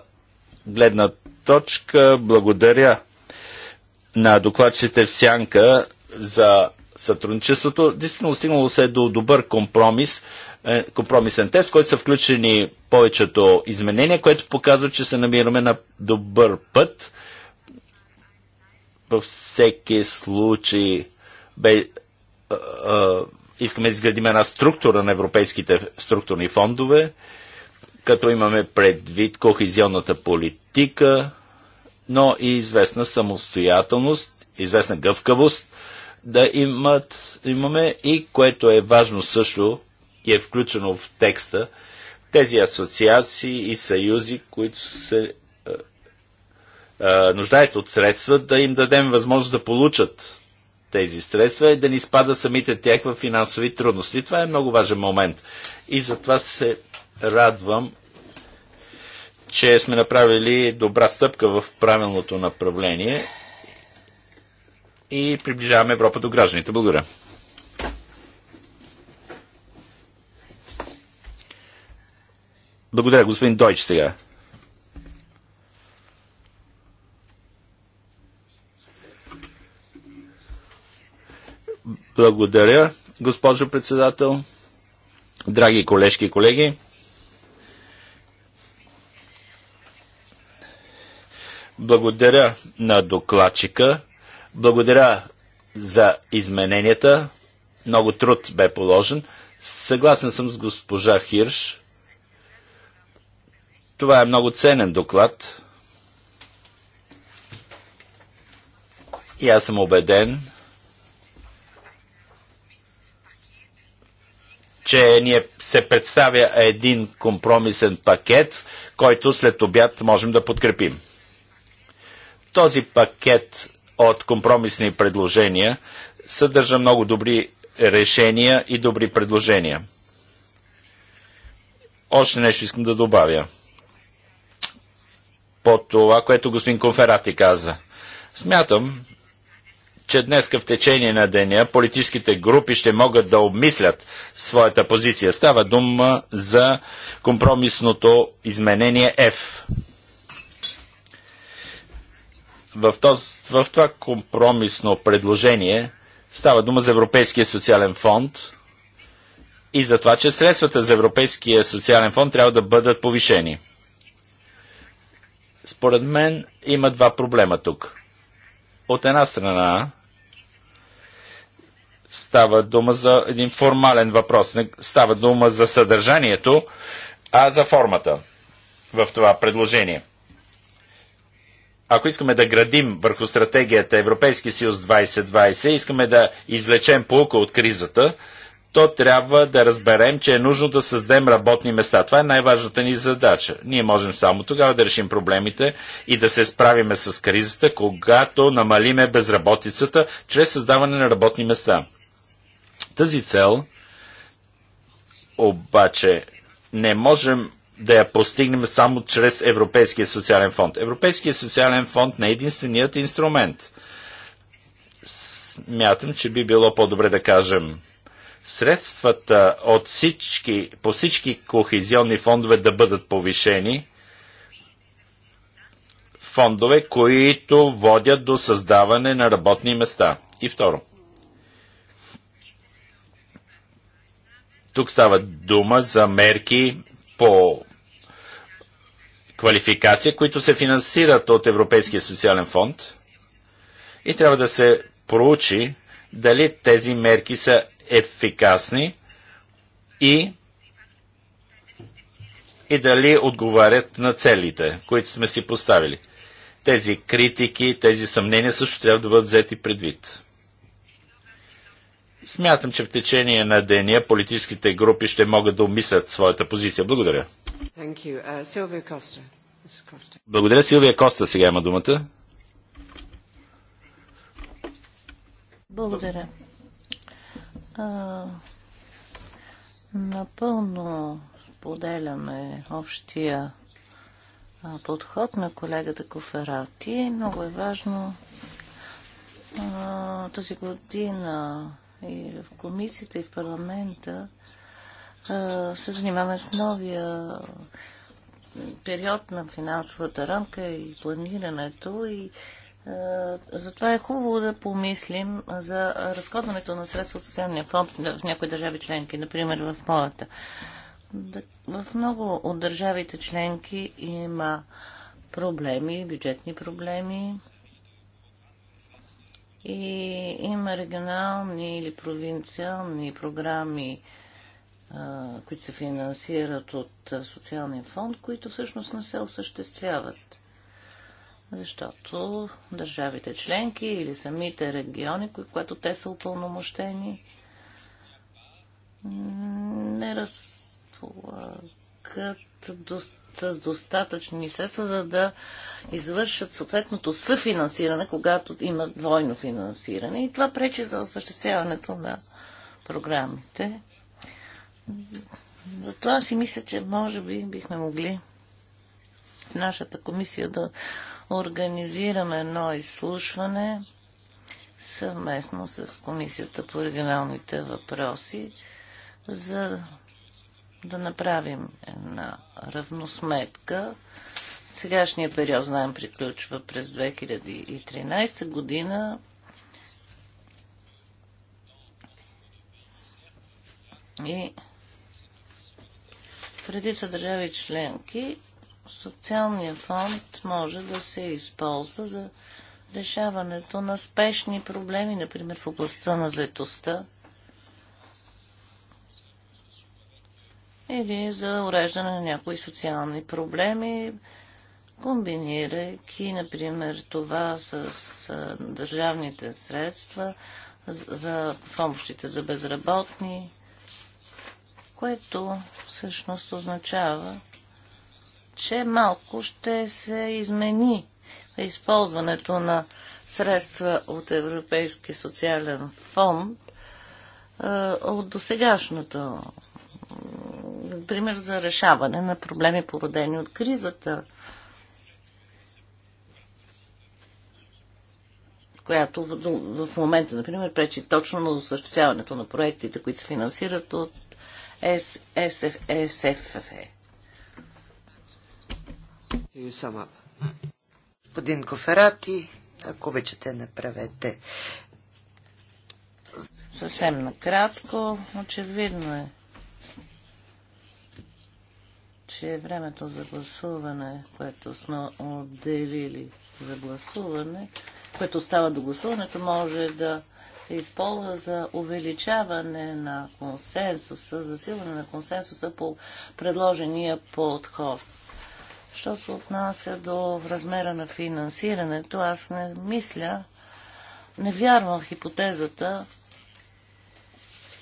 гледна точка благодаря на докладчите в Сянка за сътрудничеството. Действително стигнало се до добър компромис, е, компромисен тест, в който са включени повечето изменения, което показва, че се намираме на добър път. Във всеки случай бе, а, е, а, е, искаме да изградим една структура на европейските структурни фондове, като имаме предвид кохезионната политика, но и известна самостоятелност, известна гъвкавост да имат, имаме и което е важно също и е включено в текста, тези асоциации и съюзи, които се а, е, е, нуждаят от средства, да им дадем възможност да получат тези средства и да ни спадат самите тях в финансови трудности. Това е много важен момент. И затова се радвам, че сме направили добра стъпка в правилното направление и приближаваме Европа до гражданите. Благодаря. Благодаря, господин Дойч, сега. Благодаря, госпожо председател, драги колежки и колеги. Благодаря на докладчика. Благодаря за измененията. Много труд бе положен. Съгласен съм с госпожа Хирш. Това е много ценен доклад. И аз съм убеден, че ние се представя един компромисен пакет, който след обяд можем да подкрепим. Този пакет от компромисни предложения съдържа много добри решения и добри предложения. Още нещо искам да добавя. По това, което господин Конферати каза. Смятам, че днес в течение на деня политическите групи ще могат да обмислят своята позиция. Става дума за компромисното изменение F в, този, в това компромисно предложение става дума за Европейския социален фонд и за това, че средствата за Европейския социален фонд трябва да бъдат повишени. Според мен има два проблема тук. От една страна става дума за един формален въпрос. Не става дума за съдържанието, а за формата в това предложение – ако искаме да градим върху стратегията Европейски съюз 2020, искаме да извлечем полука от кризата, то трябва да разберем, че е нужно да създадем работни места. Това е най-важната ни задача. Ние можем само тогава да решим проблемите и да се справиме с кризата, когато намалиме безработицата чрез създаване на работни места. Тази цел обаче не можем да я постигнем само чрез Европейския социален фонд. Европейския социален фонд не е единственият инструмент. Смятам, че би било по-добре да кажем средствата от всички, по всички кохезионни фондове да бъдат повишени, фондове, които водят до създаване на работни места. И второ, тук става дума за мерки по квалификация, които се финансират от Европейския социален фонд и трябва да се проучи дали тези мерки са ефикасни и, и дали отговарят на целите, които сме си поставили. Тези критики, тези съмнения също трябва да бъдат взети предвид. Смятам, че в течение на деня политическите групи ще могат да умислят своята позиция. Благодаря. Uh, Благодаря, Силвия Коста. Сега има думата. Благодаря. А, напълно споделяме общия подход на колегата Коферати. Много е важно а, тази година и в комисията, и в парламента се занимаваме с новия период на финансовата рамка и планирането и затова е хубаво да помислим за разходването на средства от социалния фонд в някои държави членки, например в моята. В много от държавите членки има проблеми, бюджетни проблеми, и има регионални или провинциални програми, които се финансират от социалния фонд, които всъщност не се осъществяват. Защото държавите членки или самите региони, които те са упълномощени, не разполагат достатъчно с достатъчни средства, за да извършат съответното съфинансиране, когато има двойно финансиране. И това пречи за осъществяването на програмите. Затова си мисля, че може би бихме могли в нашата комисия да организираме едно изслушване съвместно с Комисията по регионалните въпроси за да направим една равносметка. Сегашния период, знаем, приключва през 2013 година. И в редица държави членки социалният фонд може да се използва за решаването на спешни проблеми, например в областта на заетостта или за уреждане на някои социални проблеми, комбинирайки, например, това с държавните средства за помощите за безработни, което всъщност означава, че малко ще се измени използването на средства от Европейски социален фонд от досегашното Например, за решаване на проблеми, породени от кризата, която в, в момента, например, пречи точно на осъществяването на проектите, които се финансират от СФ, е, Господин Коферати, ако обичате, направете. Съвсем накратко, очевидно е че времето за гласуване, което сме отделили за гласуване, което става до гласуването, може да се използва за увеличаване на консенсуса, засилване на консенсуса по предложения подход. Що се отнася до размера на финансирането, аз не мисля, не вярвам в хипотезата,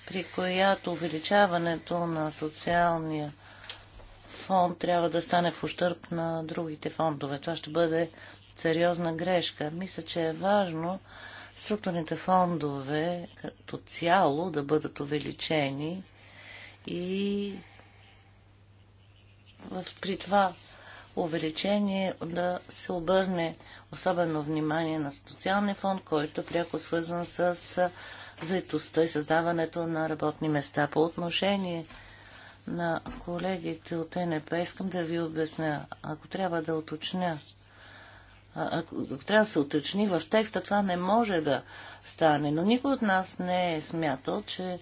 при която увеличаването на социалния фонд трябва да стане в ущърп на другите фондове. Това ще бъде сериозна грешка. Мисля, че е важно структурните фондове като цяло да бъдат увеличени и при това увеличение да се обърне особено внимание на социалния фонд, който е пряко свързан с заетостта и създаването на работни места. По отношение на колегите от НП, искам да ви обясня, ако трябва да уточня, ако, ако трябва да се уточни в текста, това не може да стане. Но никой от нас не е смятал, че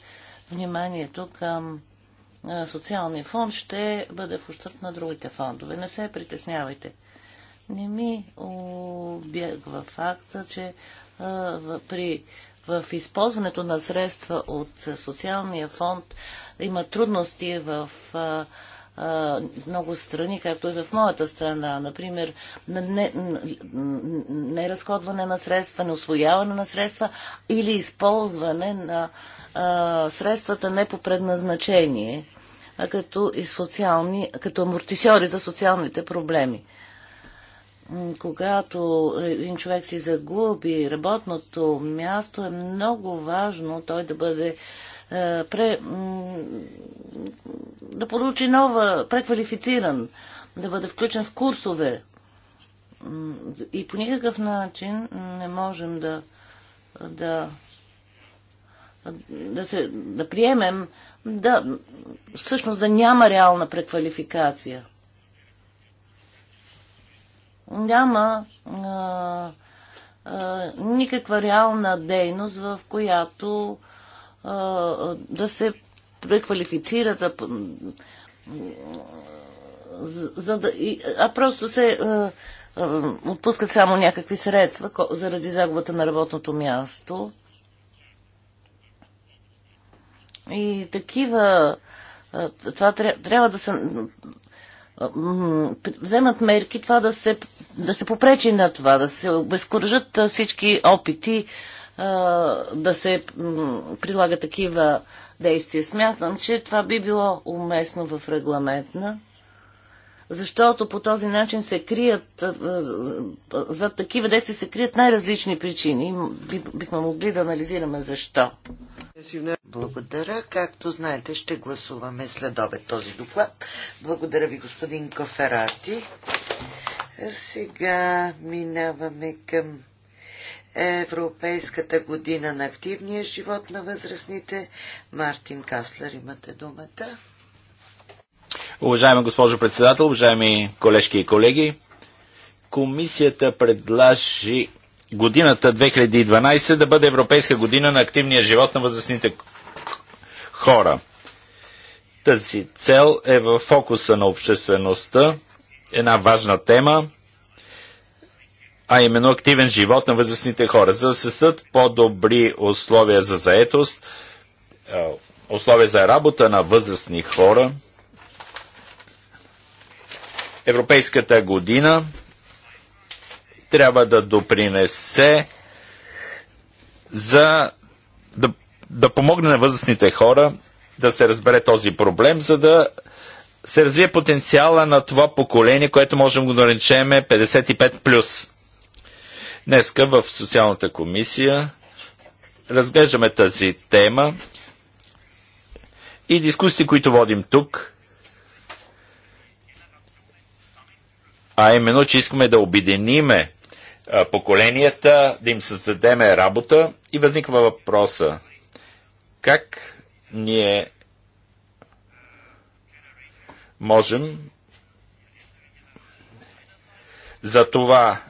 вниманието към социалния фонд ще бъде в ущърп на другите фондове. Не се притеснявайте. Не ми обягва факта, че а, при в използването на средства от социалния фонд има трудности в много страни, както и в моята страна. Например, неразходване не, не на средства, неосвояване на средства или използване на а, средствата не по предназначение, а като, и социални, като амортисьори за социалните проблеми когато е, един човек си загуби работното място, е много важно той да бъде е, пре, да получи нова, преквалифициран, да бъде включен в курсове. И по никакъв начин не можем да, да, да, се, да приемем да, всъщност да няма реална преквалификация няма а, а, никаква реална дейност, в която а, да се преквалифицират, а, за да, а просто се а, отпускат само някакви средства заради загубата на работното място. И такива това трябва да се вземат мерки това да се, да се попречи на това, да се обезкуражат всички опити да се прилага такива действия. Смятам, че това би било уместно в регламентна, защото по този начин се крият, за такива действия се крият най-различни причини. Бихме могли да анализираме защо. Благодаря. Както знаете, ще гласуваме след обед този доклад. Благодаря ви, господин Коферати. Сега минаваме към Европейската година на активния живот на възрастните. Мартин Каслер, имате думата. Уважаема госпожо председател, уважаеми колежки и колеги, комисията предложи годината 2012 да бъде Европейска година на активния живот на възрастните хора. Тази цел е в фокуса на обществеността, една важна тема, а именно активен живот на възрастните хора. За да се съдат по-добри условия за заетост, условия за работа на възрастни хора, Европейската година – трябва да допринесе за да, да помогне на възрастните хора да се разбере този проблем, за да се развие потенциала на това поколение, което можем го да наречем 55+. Днеска в социалната комисия разглеждаме тази тема и дискусии, които водим тук, а именно, че искаме да обединиме поколенията, да им създадеме работа и възниква въпроса как ние можем за това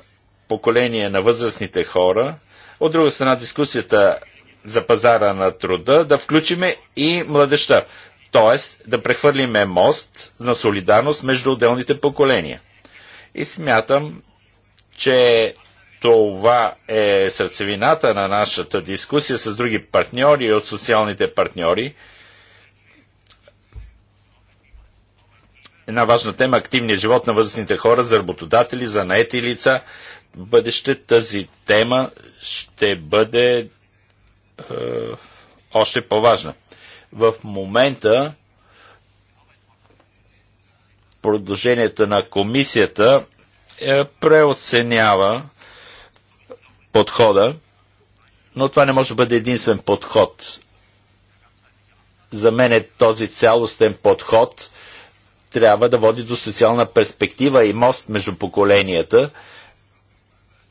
поколение на възрастните хора, от друга страна дискусията за пазара на труда, да включиме и младеща. Тоест да прехвърлиме мост на солидарност между отделните поколения. И смятам, че това е сърцевината на нашата дискусия с други партньори и от социалните партньори. Една важна тема – активният живот на възрастните хора, за работодатели, за наети лица. В бъдеще тази тема ще бъде е, още по-важна. В момента продълженията на комисията е, преоценява подхода, но това не може да бъде единствен подход. За мен е този цялостен подход трябва да води до социална перспектива и мост между поколенията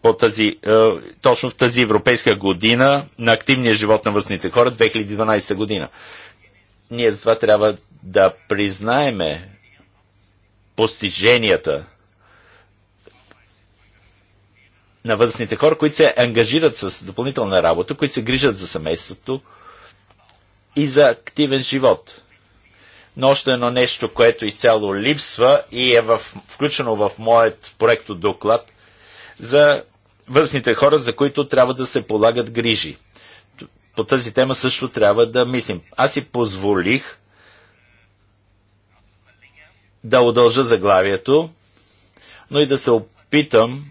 по тази, е, точно в тази европейска година на активния живот на възните хора 2012 година. Ние затова трябва да признаеме постиженията на възрастните хора, които се ангажират с допълнителна работа, които се грижат за семейството и за активен живот. Но още едно нещо, което изцяло липсва и е в, включено в моят проект доклад за възрастните хора, за които трябва да се полагат грижи. По тази тема също трябва да мислим. Аз си позволих да удължа заглавието, но и да се опитам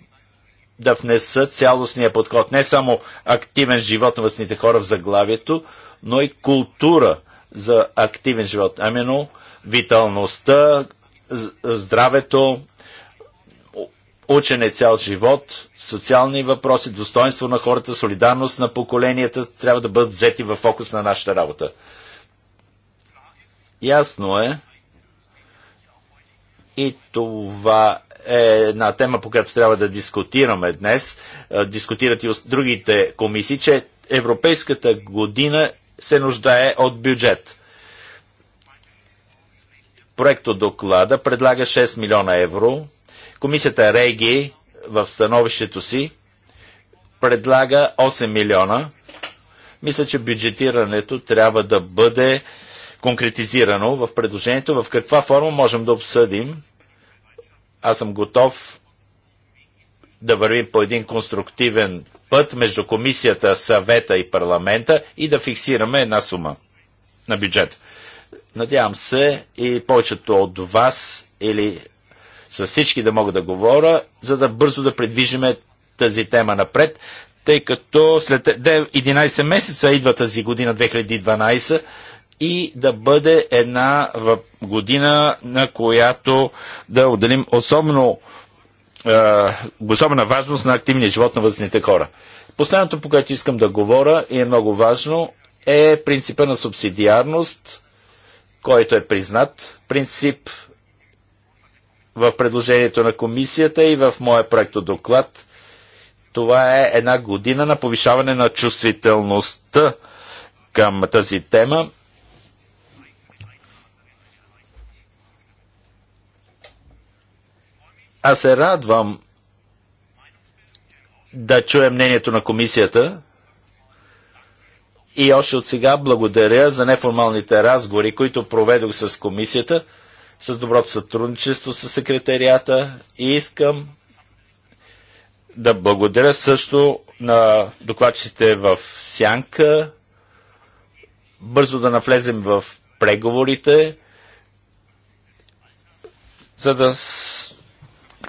да внеса цялостния подход. Не само активен живот на възните хора в заглавието, но и култура за активен живот. Амино, виталността, здравето, учене цял живот, социални въпроси, достоинство на хората, солидарност на поколенията трябва да бъдат взети в фокус на нашата работа. Ясно е, и това е една тема, по която трябва да дискутираме днес. Е, дискутират и другите комисии, че Европейската година се нуждае от бюджет. Проекто доклада предлага 6 милиона евро. Комисията Реги в становището си предлага 8 милиона. Мисля, че бюджетирането трябва да бъде конкретизирано в предложението, в каква форма можем да обсъдим аз съм готов да вървим по един конструктивен път между комисията, съвета и парламента и да фиксираме една сума на бюджет. Надявам се и повечето от вас или с всички да мога да говоря, за да бързо да предвижиме тази тема напред, тъй като след 11 месеца идва тази година 2012, и да бъде една година, на която да отделим особено, е, особена важност на активния живот на възрастните хора. Последното, по което искам да говоря и е много важно, е принципа на субсидиарност, който е признат принцип в предложението на комисията и в моя проекто доклад. Това е една година на повишаване на чувствителността към тази тема Аз се радвам да чуя мнението на комисията и още от сега благодаря за неформалните разговори, които проведох с комисията, с доброто сътрудничество с секретарията и искам да благодаря също на докладчите в Сянка, бързо да навлезем в преговорите, за да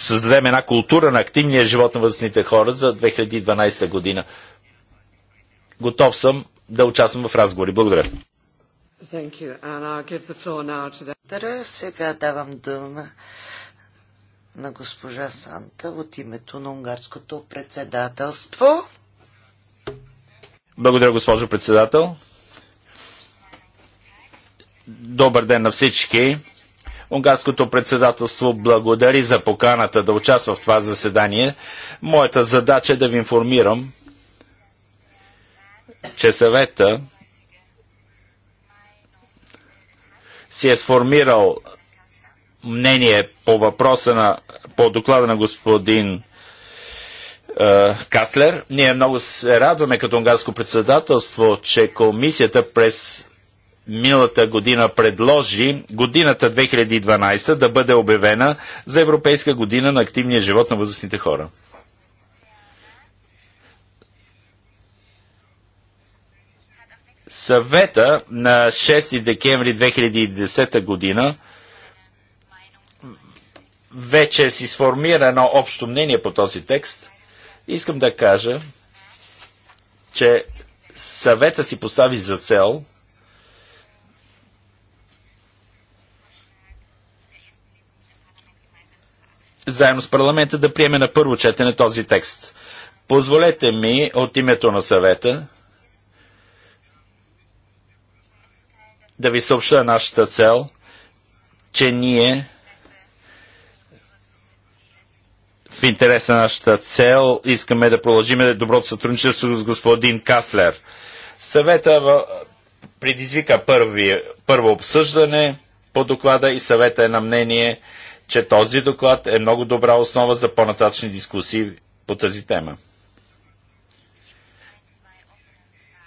създадем една култура на активния живот на възрастните хора за 2012 година. Готов съм да участвам в разговори. Благодаря. Благодаря. Сега давам дума на госпожа Санта от името на унгарското председателство. Благодаря, госпожо председател. Добър ден на всички. Унгарското председателство благодари за поканата да участва в това заседание. Моята задача е да ви информирам, че съвета си е сформирал мнение по въпроса на, по доклада на господин е, Каслер. Ние много се радваме като унгарско председателство, че комисията през миналата година предложи годината 2012 да бъде обявена за Европейска година на активния живот на възрастните хора. Съвета на 6 декември 2010 година вече си сформира едно общо мнение по този текст. Искам да кажа, че съвета си постави за цел – заедно с парламента да приеме на първо четене този текст. Позволете ми от името на съвета да ви съобща нашата цел, че ние в интерес на нашата цел искаме да продължиме доброто сътрудничество с господин Каслер. Съвета предизвика първи, първо обсъждане по доклада и съвета е на мнение, че този доклад е много добра основа за по-нататъчни дискусии по тази тема.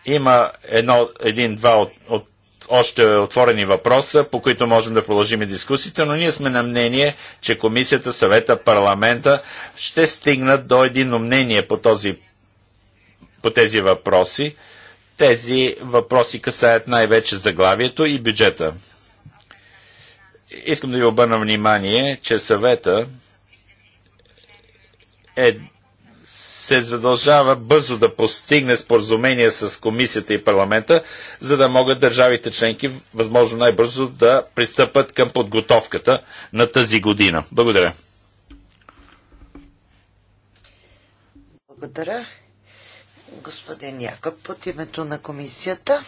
Има едно, един-два от, от, още отворени въпроса, по които можем да продължим дискусията, но ние сме на мнение, че комисията, съвета, парламента ще стигнат до едино мнение по, този, по тези въпроси. Тези въпроси касаят най-вече заглавието и бюджета. Искам да ви обърна внимание, че съвета е, се задължава бързо да постигне споразумение с комисията и парламента, за да могат държавите членки възможно най-бързо да пристъпат към подготовката на тази година. Благодаря. Благодаря. Господин Якоб от името на комисията.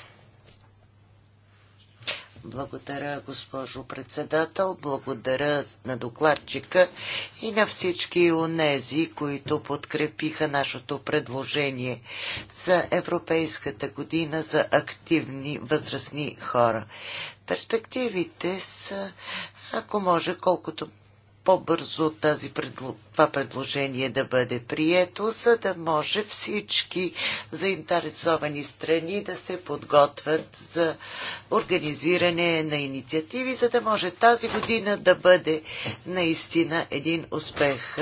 Благодаря, госпожо председател. Благодаря на докладчика и на всички онези, които подкрепиха нашето предложение за Европейската година за активни възрастни хора. Перспективите са, ако може, колкото по-бързо тази това предложение да бъде прието, за да може всички заинтересовани страни да се подготвят за организиране на инициативи, за да може тази година да бъде наистина един успех.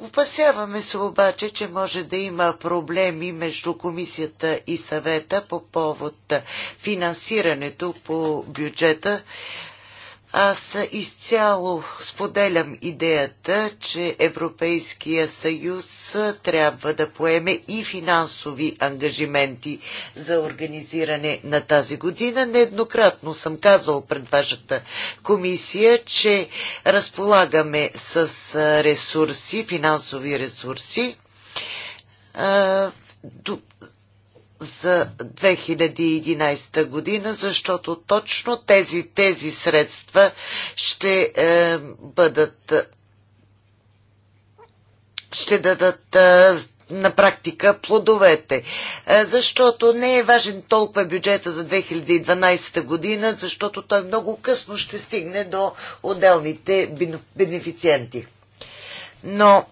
Опасяваме се обаче, че може да има проблеми между комисията и съвета по повод финансирането по бюджета аз изцяло споделям идеята, че Европейския съюз трябва да поеме и финансови ангажименти за организиране на тази година. Нееднократно съм казал пред вашата комисия, че разполагаме с ресурси, финансови ресурси за 2011 година, защото точно тези, тези средства ще е, бъдат ще дадат е, на практика плодовете. Е, защото не е важен толкова бюджета за 2012 година, защото той много късно ще стигне до отделните бенефициенти. Но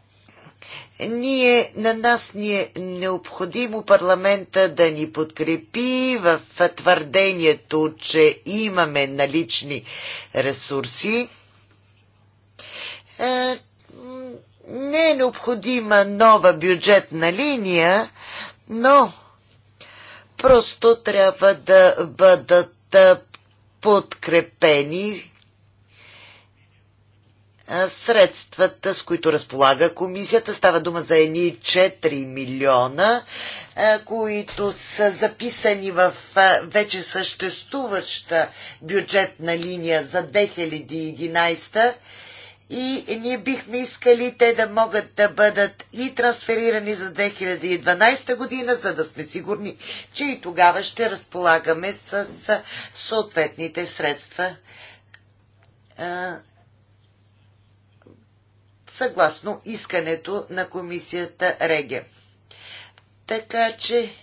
ние, на нас ни е необходимо парламента да ни подкрепи в твърдението, че имаме налични ресурси. Е, не е необходима нова бюджетна линия, но просто трябва да бъдат е, подкрепени средствата, с които разполага комисията. Става дума за едни 4 милиона, които са записани в вече съществуваща бюджетна линия за 2011 и ние бихме искали те да могат да бъдат и трансферирани за 2012 година, за да сме сигурни, че и тогава ще разполагаме с съответните средства съгласно искането на комисията Реге. Така че,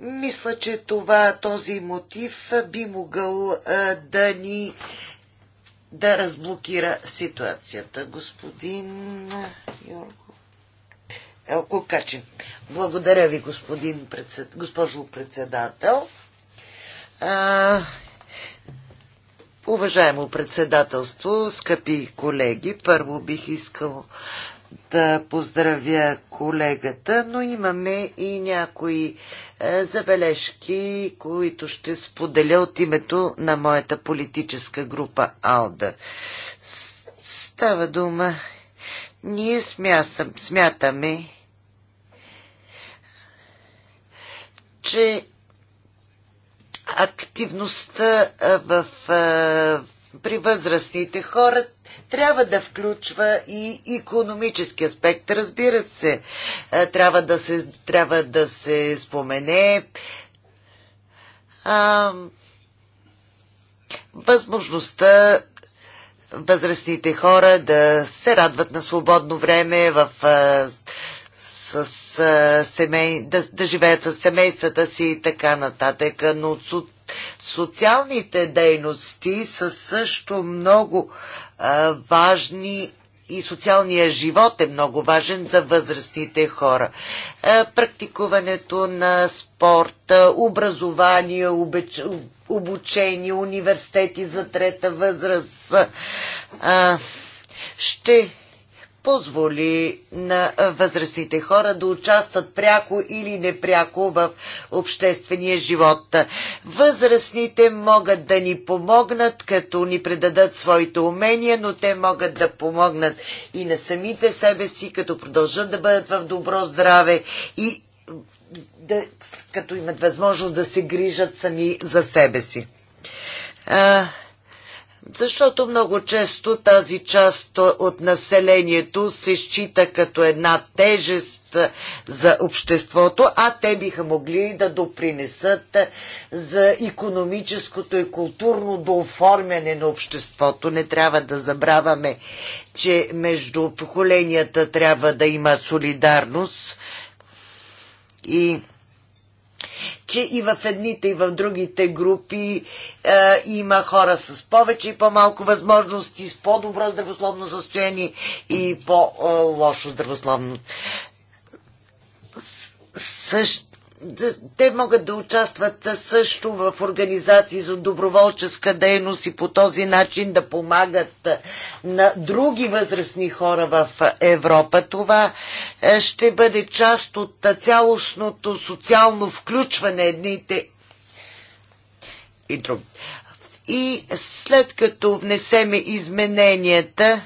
мисля, че това, този мотив би могъл а, да ни да разблокира ситуацията. Господин Йорго Елко Каче. Благодаря ви, господин председ... госпожо председател. А, Уважаемо председателство, скъпи колеги, първо бих искал да поздравя колегата, но имаме и някои е, забележки, които ще споделя от името на моята политическа група АЛДА. Става дума. Ние смятаме, че активността в, при възрастните хора трябва да включва и економически аспект. Разбира се, трябва да се, трябва да се спомене а, възможността възрастните хора да се радват на свободно време в а, с, с семей, да, да живеят с семействата си и така нататък, но со, социалните дейности са също много а, важни и социалният живот е много важен за възрастните хора. Практикуването на спорта, образование, обеч... обучение, университети за трета възраст ще позволи на възрастните хора да участват пряко или непряко в обществения живот. Възрастните могат да ни помогнат, като ни предадат своите умения, но те могат да помогнат и на самите себе си, като продължат да бъдат в добро здраве и да, като имат възможност да се грижат сами за себе си. А, защото много често тази част от населението се счита като една тежест за обществото, а те биха могли да допринесат за економическото и културно дооформяне на обществото. Не трябва да забравяме, че между поколенията трябва да има солидарност и че и в едните и в другите групи е, има хора с повече и по-малко възможности, с по-добро здравословно състояние и по-лошо е, здравословно. Също те могат да участват също в организации за доброволческа дейност и по този начин да помагат на други възрастни хора в Европа. Това е, ще бъде част от цялостното социално включване едните и други. И след като внесеме измененията,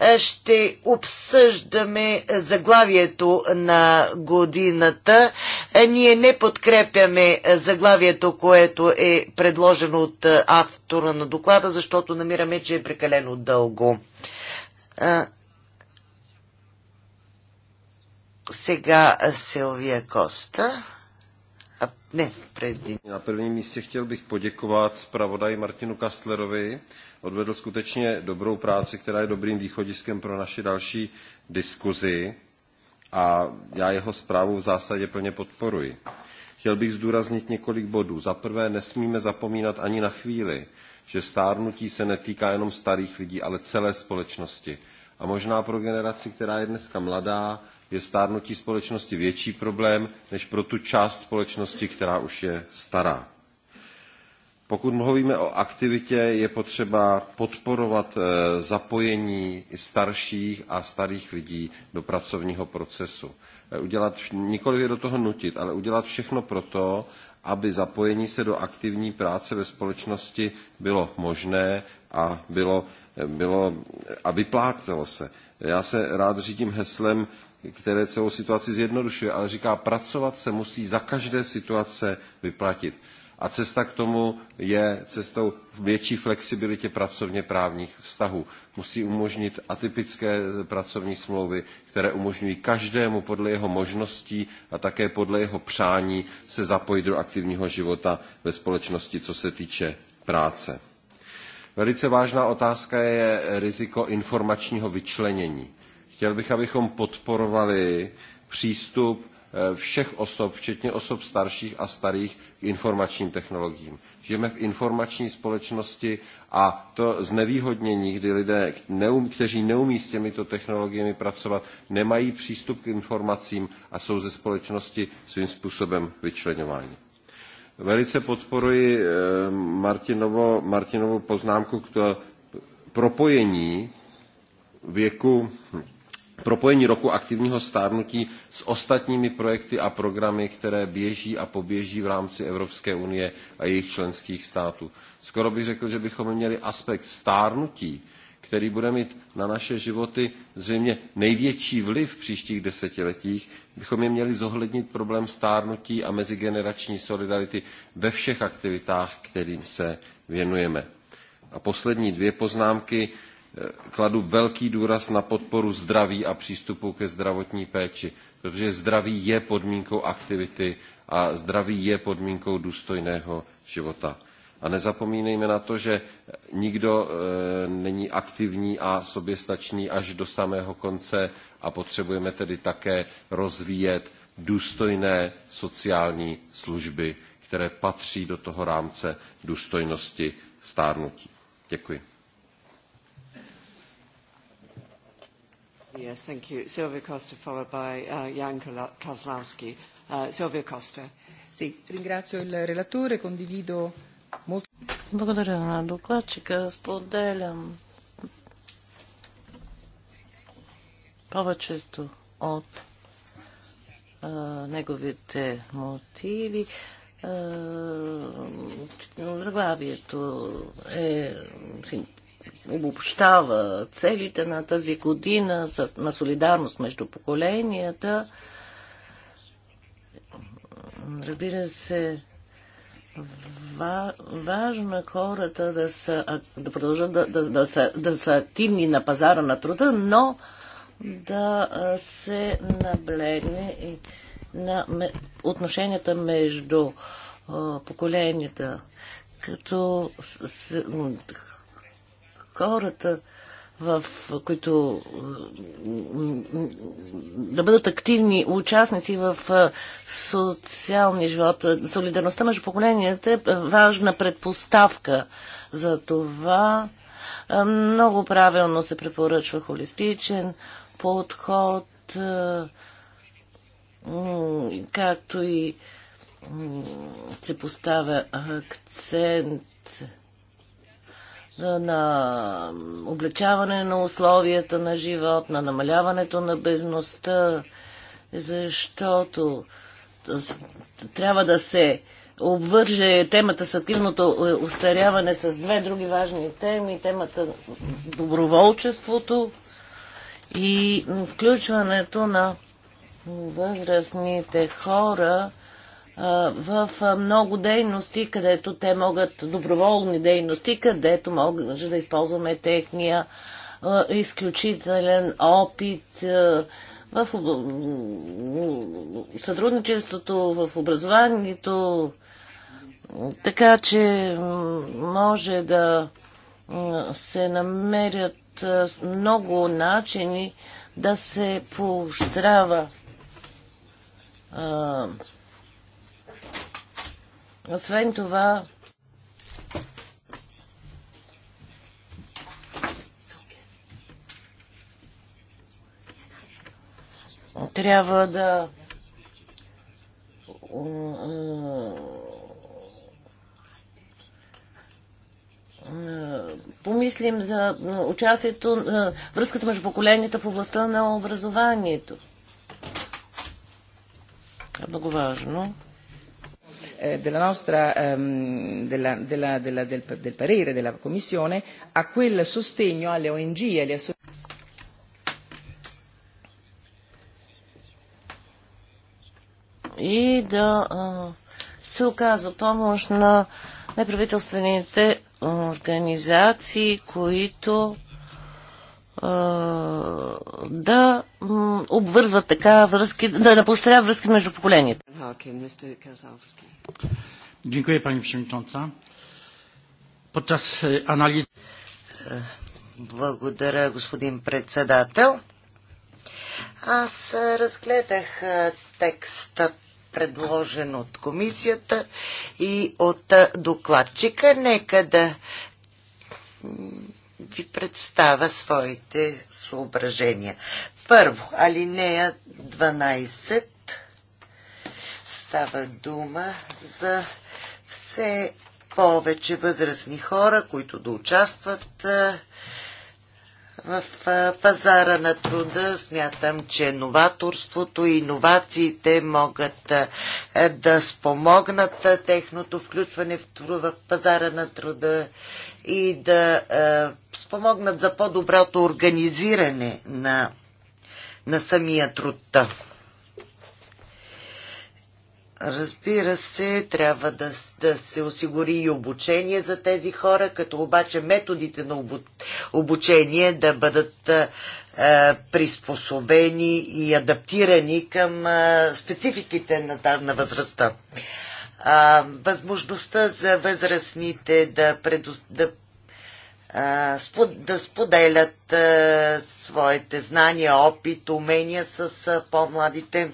е, ще обсъждаме заглавието на годината. Е, ние не подкрепяме заглавието, което е предложено от е, автора на доклада, защото намираме, че е прекалено дълго. Сега Силвия Коста. преди. ne, predtým. Na prvním бих chtěl bych poděkovat zpravodaji Martinu Kastlerovi odvedl skutečně dobrou práci, která je dobrým východiskem pro naši další diskuzi a já jeho zprávu v zásadě plně podporuji. Chtěl bych zdůraznit několik bodů. Za prvé, nesmíme zapomínat ani na chvíli, že stárnutí se netýká jenom starých lidí, ale celé společnosti. A možná pro generaci, která je dneska mladá, je stárnutí společnosti větší problém než pro tu část společnosti, která už je stará. Pokud mluvíme o aktivitě, je potřeba podporovat zapojení starších a starých lidí do pracovního procesu. Udělat, nikoliv je do toho nutit, ale udělat všechno proto, aby zapojení se do aktivní práce ve společnosti bylo možné a, bylo, bylo, a vyplácelo se. Já se rád řídím heslem, které celou situaci zjednodušuje, ale říká, pracovat se musí za každé situace vyplatit. A cesta k tomu je cestou větší flexibilitě pracovně právních vztahů. Musí umožnit atypické pracovní smlouvy, které umožňují každému podle jeho možností a také podle jeho přání se zapojit do aktivního života ve společnosti, co se týče práce. Velice vážná otázka je riziko informačního vyčlenění. Chtěl bych, abychom podporovali přístup všech osob, včetně osob starších a starých, k informačním technologiím. Žijeme v informační společnosti a to znevýhodnění, kdy lidé, kteří neumí s těmito technologiemi pracovat, nemají přístup k informacím a jsou ze společnosti svým způsobem vyčleňováni. Velice podporuji Martinovo, Martinovo poznámku k propojení věku propojení roku aktivního stárnutí s ostatními projekty a programy, které běží a poběží v rámci Evropské unie a jejich členských států. Skoro bych řekl, že bychom měli aspekt stárnutí, který bude mít na naše životy zřejmě největší vliv v příštích desetiletích, bychom je měli zohlednit problém stárnutí a mezigenerační solidarity ve všech aktivitách, kterým se věnujeme. A poslední dvě poznámky kladu velký důraz na podporu zdraví a přístupu ke zdravotní péči, protože zdraví je podmínkou aktivity a zdraví je podmínkou důstojného života. A nezapomínejme na to, že nikdo není aktivní a soběstačný až do samého konce a potřebujeme tedy také rozvíjet důstojné sociální služby, které patří do toho rámce důstojnosti stárnutí. Děkuji. Yes, thank you. Sylvia Costa, followed by uh, Jan Kozlowski. Uh, Silvia Costa. Sì, ringrazio il relatore, condivido molto... Благодаря на докладчика. Споделям повечето от а, неговите мотиви. А, заглавието е обобщава целите на тази година на солидарност между поколенията. Разбира се, ва, важно е хората да, са, да продължат да, да, да, са, да са активни на пазара на труда, но да се наблегне и на отношенията между поколенията, като хората в които да бъдат активни участници в социалния живот. Солидарността между поколенията е важна предпоставка за това. Много правилно се препоръчва холистичен подход, както и се поставя акцент на облегчаване на условията на живот, на намаляването на безността, защото трябва да се обвърже темата с активното е, устаряване с две други важни теми, темата доброволчеството и включването на възрастните хора в много дейности, където те могат, доброволни дейности, където може да използваме техния изключителен опит в сътрудничеството, в образованието, така че може да се намерят много начини да се поощрява освен това, трябва да помислим за участието, връзката между поколенията в областта на образованието. Е много важно della nostra, della, della, della, del, del parere della Commissione a quel sostegno alle ONG e alle associazioni и да а, се оказва помощ на неправителствените организации, които да обвързват така връзки, да напощря връзки между поколенията. Дякую, пани Przewodnicząca. Подчас e, analizy... Е, благодаря, господин председател. Аз е, разгледах е, текста предложен от комисията и от докладчика. Нека да ви представя своите съображения. Първо, алинея 12 става дума за все повече възрастни хора, които да участват в пазара на труда. Смятам, че новаторството и иновациите могат да спомогнат техното включване в пазара на труда и да спомогнат за по-доброто организиране на, на самия труд. Разбира се, трябва да, да се осигури и обучение за тези хора, като обаче методите на обучение да бъдат е, приспособени и адаптирани към е, спецификите на, на възрастта. А, възможността за възрастните да, предос, да, а, спод, да споделят а, своите знания, опит, умения с а, по-младите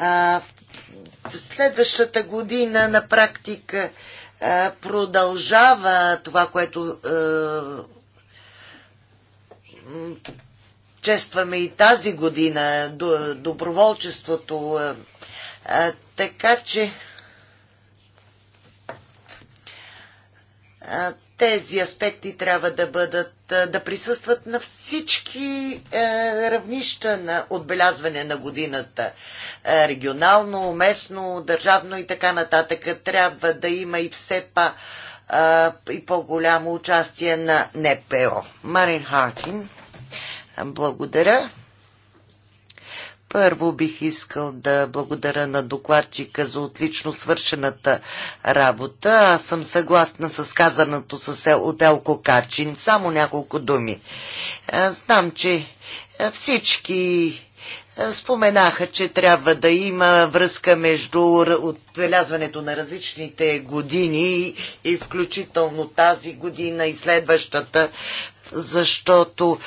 а, следващата година на практика а, продължава това, което а, честваме и тази година, доброволчеството. А, така че а, тези аспекти трябва да бъдат, да присъстват на всички е, равнища на отбелязване на годината. Е, регионално, местно, държавно и така нататък. Трябва да има и все па и по-голямо участие на НПО. Марин Хартин, благодаря. Първо бих искал да благодаря на докладчика за отлично свършената работа. Аз съм съгласна с казаното с от Елко Качин. Само няколко думи. Знам, че всички споменаха, че трябва да има връзка между отбелязването на различните години и включително тази година и следващата, защото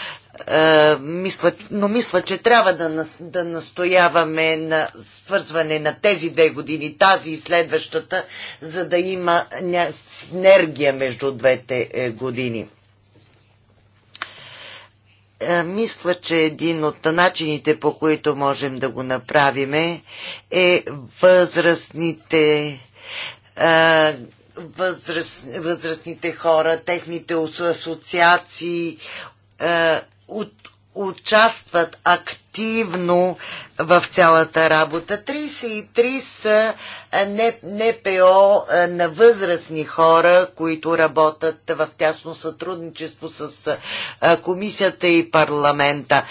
е, мисля, но мисля, че трябва да, нас, да настояваме на свързване на тези две години, тази и следващата, за да има синергия между двете е, години. Е, мисля, че един от начините, по които можем да го направим, е възрастните възраст, възрастните хора, техните асоциации, от, участват активно в цялата работа. 33 са НПО на възрастни хора, които работят в тясно сътрудничество с комисията и парламента.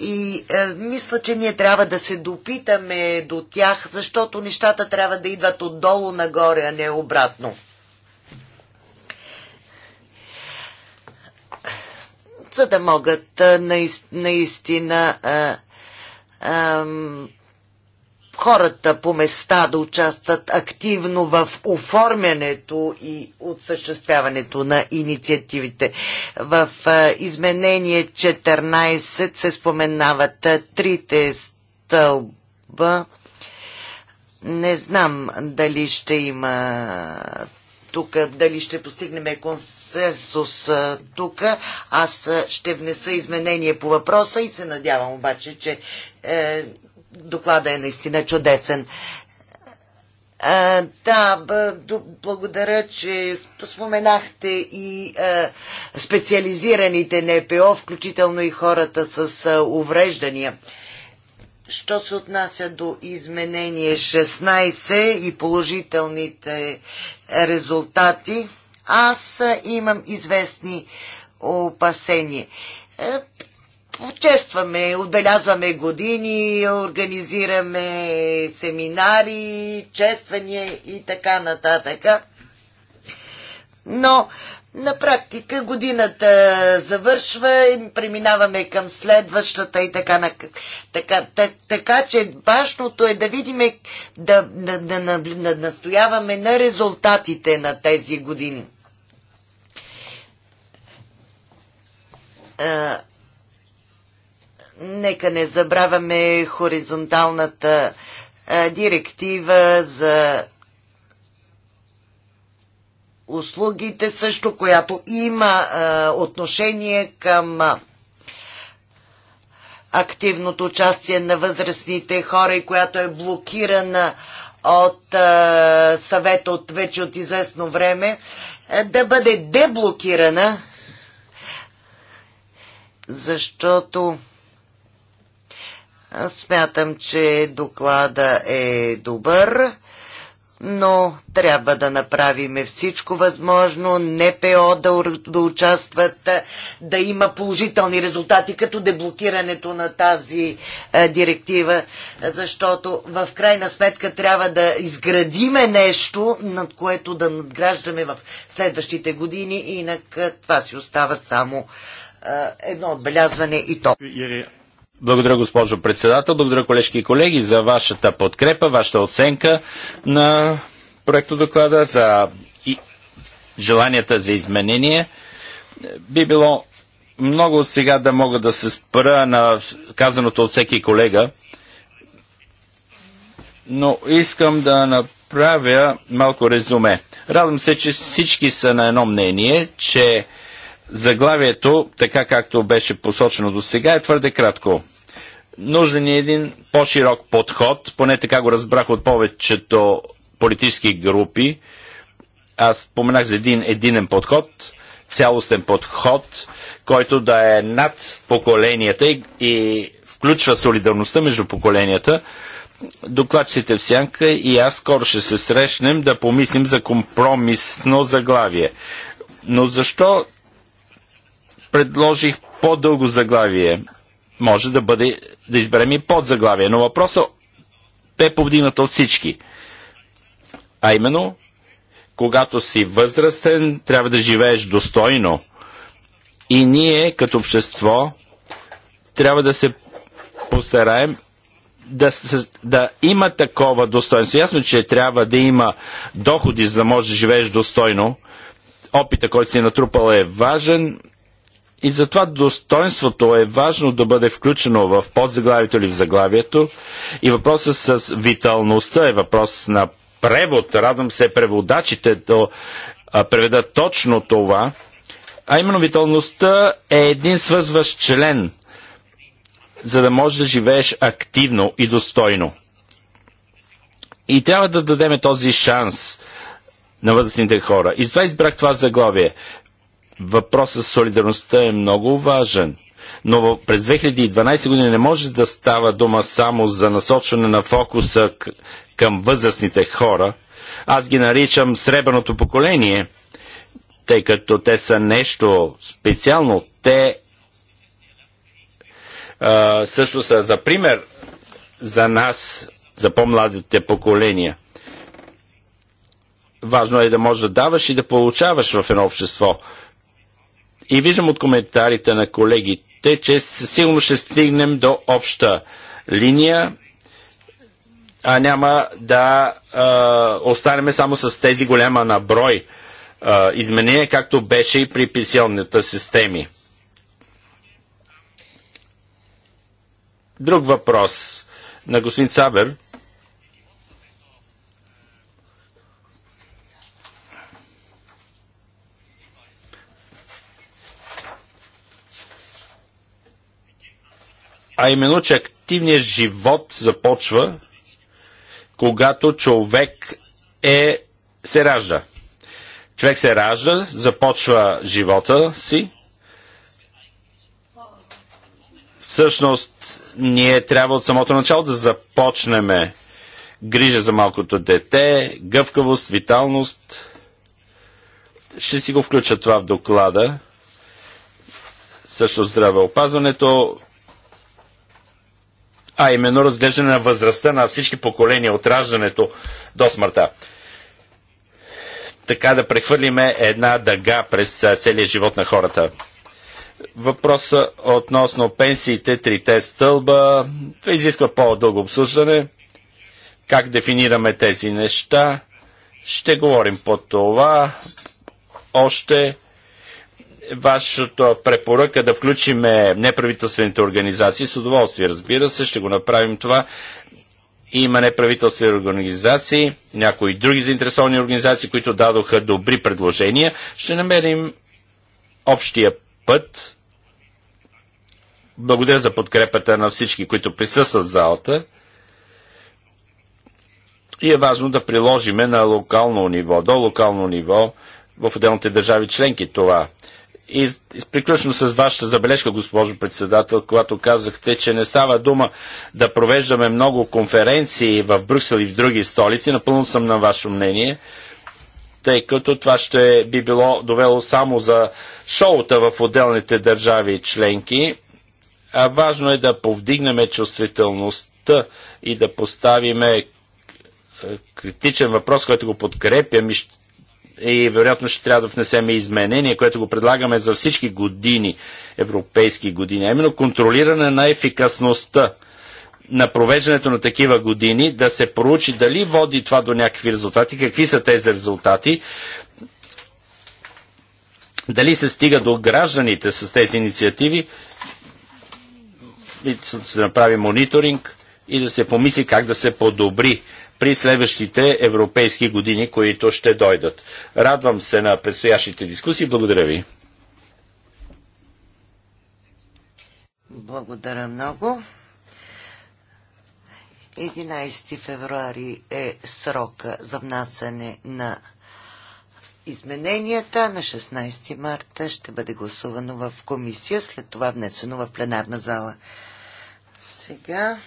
И мисля, че ние трябва да се допитаме до тях, защото нещата трябва да идват отдолу нагоре, а не обратно. за да могат наистина хората по места да участват активно в оформянето и отсъществяването на инициативите. В изменение 14 се споменават трите стълба. Не знам дали ще има тук, дали ще постигнем консенсус тук. Аз ще внеса изменение по въпроса и се надявам обаче, че е, доклада е наистина чудесен. А, да, благодаря, че споменахте и а, специализираните НПО, включително и хората с а, увреждания. Що се отнася до изменение 16 и положителните резултати, аз имам известни опасения. Е, честваме, отбелязваме години, организираме семинари, чествания и така нататък. Но на практика годината завършва и преминаваме към следващата и така, на, така, так, така че важното е да видим, да, да, да, да, да настояваме на резултатите на тези години. А, нека не забравяме хоризонталната а, директива за услугите също, която има а, е, отношение към а, е, активното участие на възрастните хора и която е блокирана от а, е, съвета от вече от известно време, а, да бъде деблокирана, защото смятам, че доклада е добър но трябва да направим всичко възможно, НПО да, да участват, да има положителни резултати, като деблокирането на тази а, директива, защото в крайна сметка трябва да изградиме нещо, над което да надграждаме в следващите години, инак това си остава само а, едно отбелязване и то. Благодаря, госпожо председател. Благодаря, колежки и колеги, за вашата подкрепа, вашата оценка на проекто доклада, за и желанията за изменение. Би било много сега да мога да се спра на казаното от всеки колега, но искам да направя малко резюме. Радвам се, че всички са на едно мнение, че заглавието, така както беше посочено до сега, е твърде кратко. Нужен е един по-широк подход, поне така го разбрах от повечето политически групи. Аз споменах за един единен подход, цялостен подход, който да е над поколенията и, и включва солидарността между поколенията. Докладчите в сянка и аз скоро ще се срещнем да помислим за компромисно заглавие. Но защо предложих по-дълго заглавие? може да бъде да изберем и подзаглавие. Но въпросът бе повдигнат от всички. А именно, когато си възрастен, трябва да живееш достойно. И ние, като общество, трябва да се постараем да, да има такова достоинство. Ясно, че трябва да има доходи, за да можеш да живееш достойно. Опита, който си натрупал е важен, и затова достоинството е важно да бъде включено в подзаглавието или в заглавието. И въпросът с виталността е въпрос на превод. Радвам се преводачите да преведат точно това. А именно виталността е един свързващ член, за да можеш да живееш активно и достойно. И трябва да дадем този шанс на възрастните хора. И затова избрах това заглавие. Въпросът с солидарността е много важен. Но през 2012 година не може да става дума само за насочване на фокуса към възрастните хора. Аз ги наричам сребърното поколение, тъй като те са нещо специално. Те а, също са за пример за нас, за по-младите поколения. Важно е да можеш да даваш и да получаваш в едно общество. И виждам от коментарите на колегите, че сигурно ще стигнем до обща линия, а няма да а, останем само с тези голяма наброй а, изменения, както беше и при пенсионната системи. Друг въпрос на господин Сабер – а именно, че активният живот започва, когато човек е, се ражда. Човек се ражда, започва живота си. Всъщност, ние трябва от самото начало да започнем грижа за малкото дете, гъвкавост, виталност. Ще си го включа това в доклада. Също здравеопазването, а именно разглеждане на възрастта на всички поколения от раждането до смъртта. Така да прехвърлиме една дъга през целия живот на хората. Въпроса относно пенсиите, трите стълба, това изисква по-дълго обсъждане. Как дефинираме тези неща? Ще говорим по това още вашата препоръка да включиме неправителствените организации. С удоволствие, разбира се, ще го направим това. Има неправителствени организации, някои други заинтересовани организации, които дадоха добри предложения. Ще намерим общия път. Благодаря за подкрепата на всички, които присъстват в залата. И е важно да приложиме на локално ниво, до локално ниво в отделните държави членки това. И, приключно с вашата забележка, госпожо председател, когато казахте, че не става дума да провеждаме много конференции в Брюксел и в други столици, напълно съм на ваше мнение, тъй като това ще би било довело само за шоута в отделните държави и членки. А важно е да повдигнем чувствителността и да поставиме е, критичен въпрос, който го подкрепям и ще и вероятно ще трябва да внесем изменение, което го предлагаме за всички години, европейски години, а именно контролиране на ефикасността на провеждането на такива години, да се проучи дали води това до някакви резултати, какви са тези резултати, дали се стига до гражданите с тези инициативи, и да се направи мониторинг и да се помисли как да се подобри при следващите европейски години, които ще дойдат. Радвам се на предстоящите дискусии. Благодаря ви. Благодаря много. 11 февруари е срока за внасяне на измененията. На 16 марта ще бъде гласувано в комисия, след това внесено в пленарна зала. Сега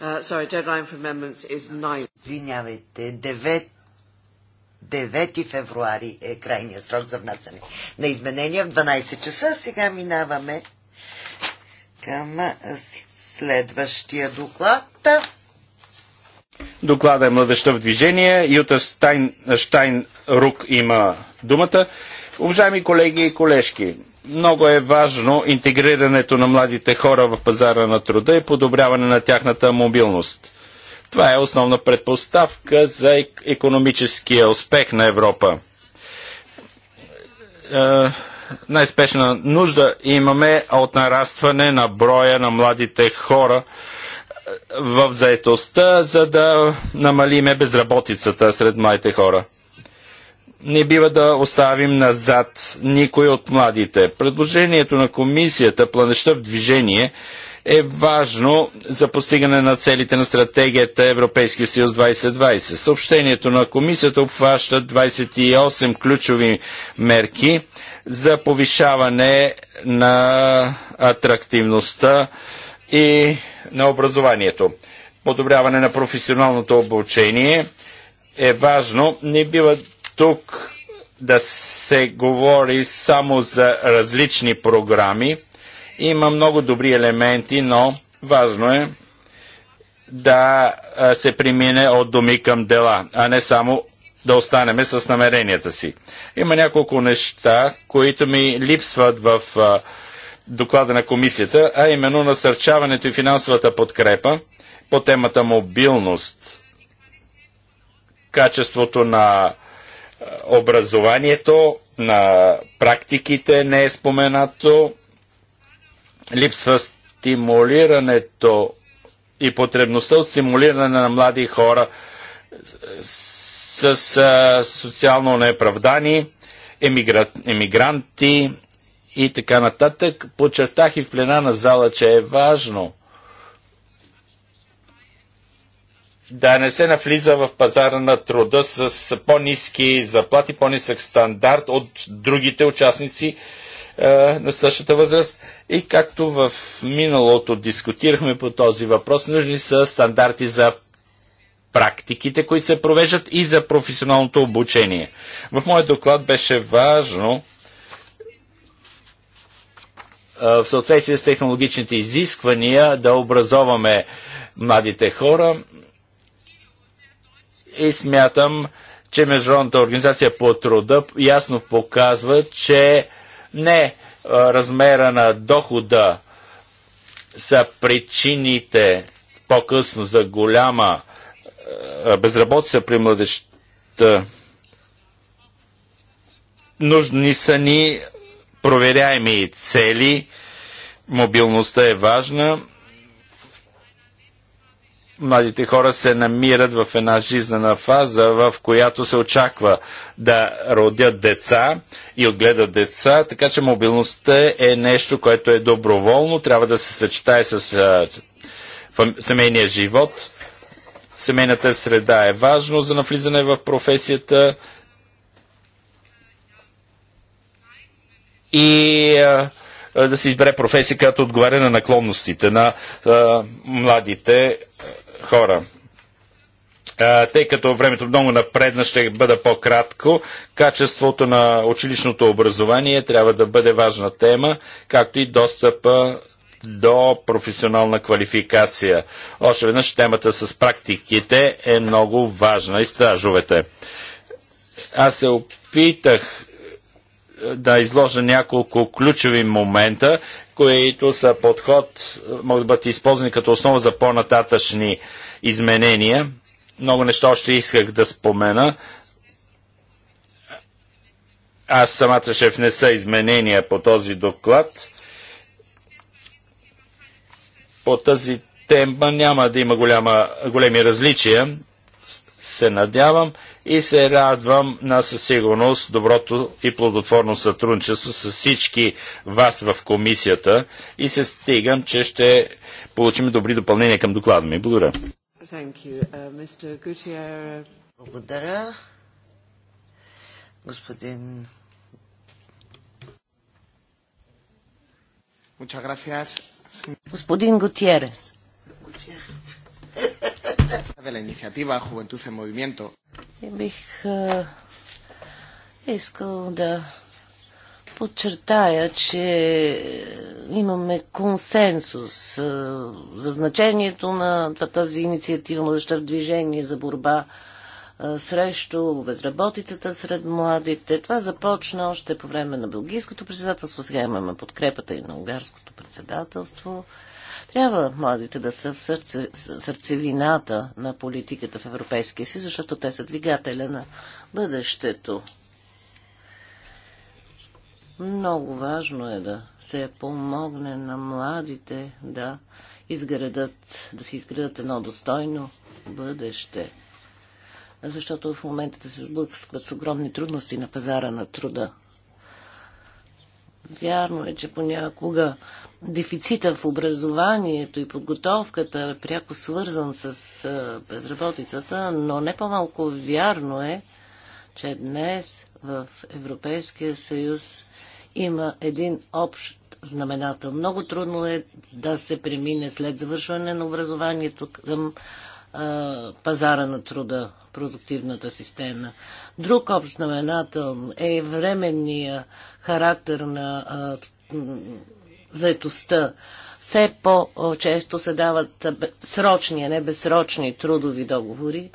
Uh, sorry, deadline for amendments is 9. Извинявайте, 9 февруари е крайният срок за внасяне на изменения в 12 часа. Сега минаваме към следващия доклад. Доклада е Младеща в движение. Юта Стайн, Штайн Рук има думата. Уважаеми колеги и колежки, много е важно интегрирането на младите хора в пазара на труда и подобряване на тяхната мобилност. Това е основна предпоставка за економическия успех на Европа. Е, най-спешна нужда имаме от нарастване на броя на младите хора е, в заетостта, за да намалиме безработицата сред младите хора не бива да оставим назад никой от младите. Предложението на комисията Планеща в движение е важно за постигане на целите на стратегията Европейския съюз 2020. Съобщението на комисията обхваща 28 ключови мерки за повишаване на атрактивността и на образованието. Подобряване на професионалното обучение е важно. Не бива тук да се говори само за различни програми. Има много добри елементи, но важно е да се премине от думи към дела, а не само да останеме с намеренията си. Има няколко неща, които ми липсват в доклада на комисията, а именно насърчаването и финансовата подкрепа по темата мобилност, качеството на е, образованието, на практиките не е споменато, липсва стимулирането и потребността от стимулиране на млади хора с, с социално неправдани, емигра... емигранти и така нататък. Подчертах и в плена на зала, че е важно да не се навлиза в пазара на труда с по-низки заплати, по-нисък стандарт от другите участници е, на същата възраст. И както в миналото дискутирахме по този въпрос, нужни са стандарти за практиките, които се провеждат и за професионалното обучение. В моят доклад беше важно е, в съответствие с технологичните изисквания да образоваме младите хора и смятам, че Международната организация по труда ясно показва, че не размера на дохода са причините по-късно за голяма безработица при младещата, Нужни са ни проверяеми цели. Мобилността е важна младите хора се намират в една жизнена фаза, в която се очаква да родят деца и отгледат деца, така че мобилността е нещо, което е доброволно, трябва да се съчетае с семейния живот. Семейната среда е важно за навлизане в професията и да се избере професия, която отговаря на наклонностите на а, младите хора. А, тъй като времето много напредна, ще бъда по-кратко. Качеството на училищното образование трябва да бъде важна тема, както и достъпа до професионална квалификация. Още веднъж темата с практиките е много важна и стражовете. Аз се опитах да изложа няколко ключови момента, които са подход, могат да бъдат използвани като основа за по-нататъчни изменения. Много неща още исках да спомена. Аз самата ще внеса изменения по този доклад. По тази тема няма да има голяма, големи различия, се надявам и се радвам на със сигурност доброто и плодотворно сътрудничество с всички вас в комисията и се стигам, че ще получим добри допълнения към доклада ми. Благодаря. Uh, Благодаря. Господин Господин Гутиерес, Бих искал да подчертая, че имаме консенсус за значението на тази инициатива Младеща в движение за борба срещу безработицата сред младите. Това започна още по време на Белгийското председателство. Сега имаме подкрепата и на Унгарското председателство. Трябва младите да са в сърце, сърцевината на политиката в Европейския си, защото те са двигателя на бъдещето. Много важно е да се помогне на младите да изградат, да си изградат едно достойно бъдеще. Защото в момента да се сблъскват с огромни трудности на пазара на труда. Вярно е, че понякога дефицита в образованието и подготовката е пряко свързан с безработицата, но не по-малко вярно е, че днес в Европейския съюз има един общ знаменател. Много трудно е да се премине след завършване на образованието към а, пазара на труда продуктивната система. Друг общ знаменател е временния характер на заетостта. Все по-често се дават срочни, а не безсрочни трудови договори.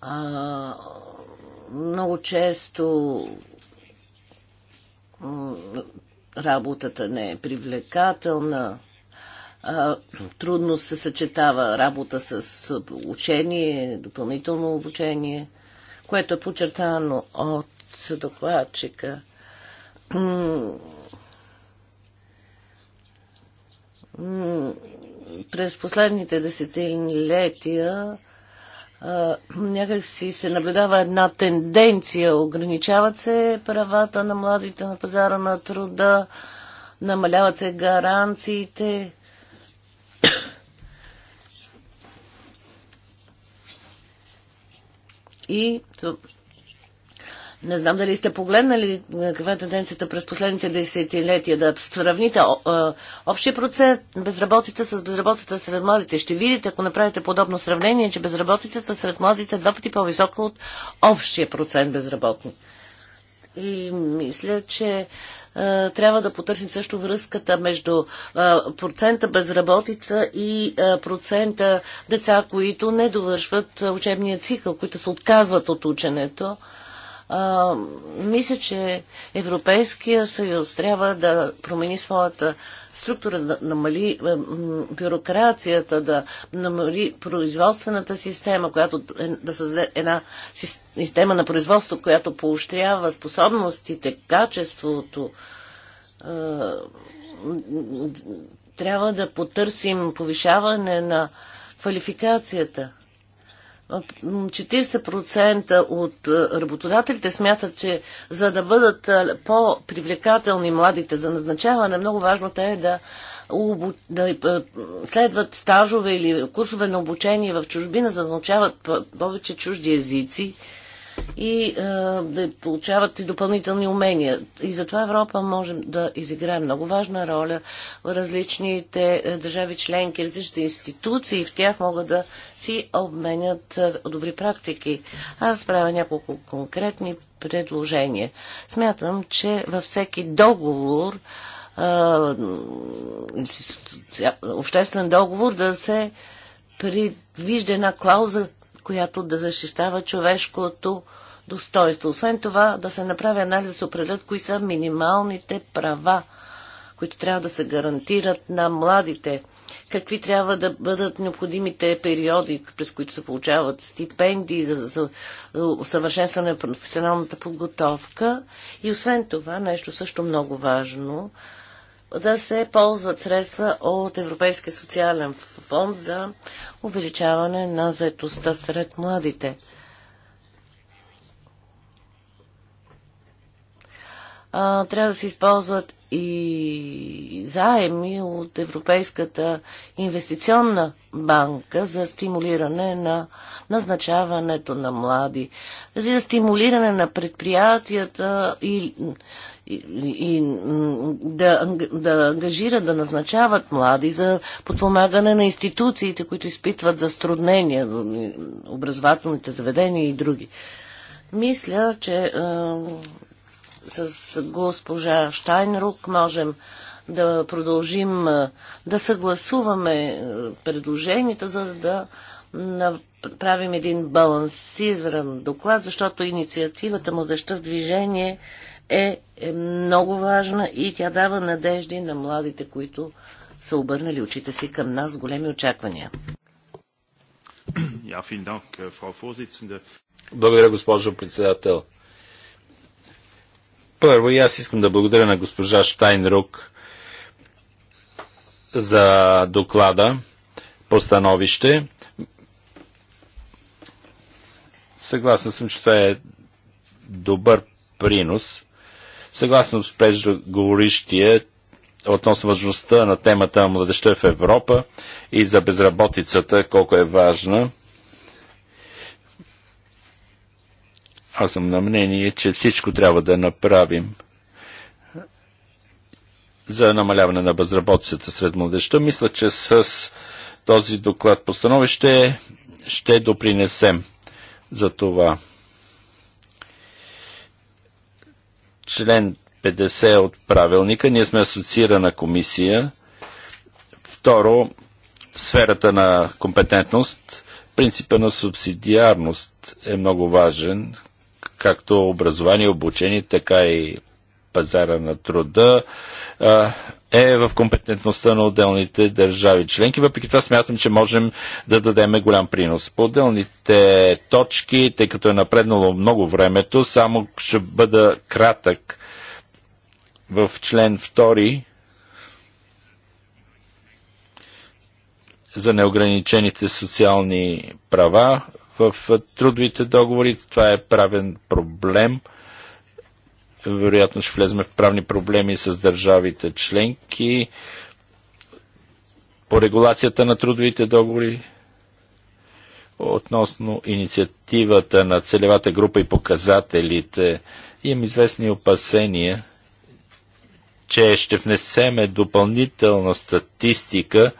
А, много често работата не е привлекателна, трудно се съчетава работа с учение, допълнително обучение, което е подчертано от докладчика. През последните десетилетия някак си се наблюдава една тенденция. Ограничават се правата на младите на пазара на труда, намаляват се гаранциите И не знам дали сте погледнали е, каква е тенденцията през последните десетилетия да сравните е, общия процент безработица с безработицата сред младите. Ще видите, ако направите подобно сравнение, че безработицата сред младите е два пъти по-висока от общия процент безработни. И мисля, че е, трябва да потърсим също връзката между е, процента безработица и е, процента деца, които не довършват учебния цикъл, които се отказват от ученето а, мисля, че Европейския съюз трябва да промени своята структура, да намали е, бюрокрацията, да намали производствената система, която е, да създаде една система на производство, която поощрява способностите, качеството. А, трябва да потърсим повишаване на квалификацията. 40% от е, работодателите смятат, че за да бъдат е, по-привлекателни младите за назначаване, много важно те е да, да е, следват стажове или курсове на обучение в чужбина, за да научават повече чужди езици и да получават и допълнителни умения. И затова Европа може да изиграе много важна роля. Различните е, държави членки, различните институции в тях могат да си обменят е, добри практики. Аз правя няколко конкретни предложения. Смятам, че във всеки договор е, обществен договор да се предвижда една клауза, която да защищава човешкото достоинство. Освен това, да се направи анализ, да се определят кои са минималните права, които трябва да се гарантират на младите, какви трябва да бъдат необходимите периоди, през които се получават стипендии за усъвършенстване на професионалната подготовка. И освен това, нещо също много важно, да се ползват средства от Европейския социален фонд за увеличаване на заетостта сред младите. а, трябва да се използват и заеми от Европейската инвестиционна банка за стимулиране на назначаването на млади, за стимулиране на предприятията и и, и да, да ангажират, да назначават млади за подпомагане на институциите, които изпитват затруднения, образователните заведения и други. Мисля, че е, с госпожа Штайнрук можем да продължим да съгласуваме предложенията, за да правим един балансиран доклад, защото инициативата Младеща в движение е, е, много важна и тя дава надежди на младите, които са обърнали очите си към нас с големи очаквания. Äh, благодаря, госпожо председател. Първо и аз искам да благодаря на госпожа Штайнрук за доклада по становище. Съгласен съм, че това е добър принос Съгласен с преждеговорищия относно важността на темата на младеща в Европа и за безработицата, колко е важна. Аз съм на мнение, че всичко трябва да направим за намаляване на безработицата сред младеща. Мисля, че с този доклад постановище ще допринесем за това. член 50 от правилника. Ние сме асоциирана комисия. Второ, в сферата на компетентност, принципа на субсидиарност е много важен, както образование, обучение, така и пазара на труда е в компетентността на отделните държави членки. Въпреки това смятам, че можем да дадем голям принос. По отделните точки, тъй като е напреднало много времето, само ще бъда кратък в член 2 за неограничените социални права в трудовите договори. Това е правен проблем – вероятно ще влезме в правни проблеми с държавите членки по регулацията на трудовите договори относно инициативата на целевата група и показателите. Имам известни опасения, че ще внесеме допълнителна статистика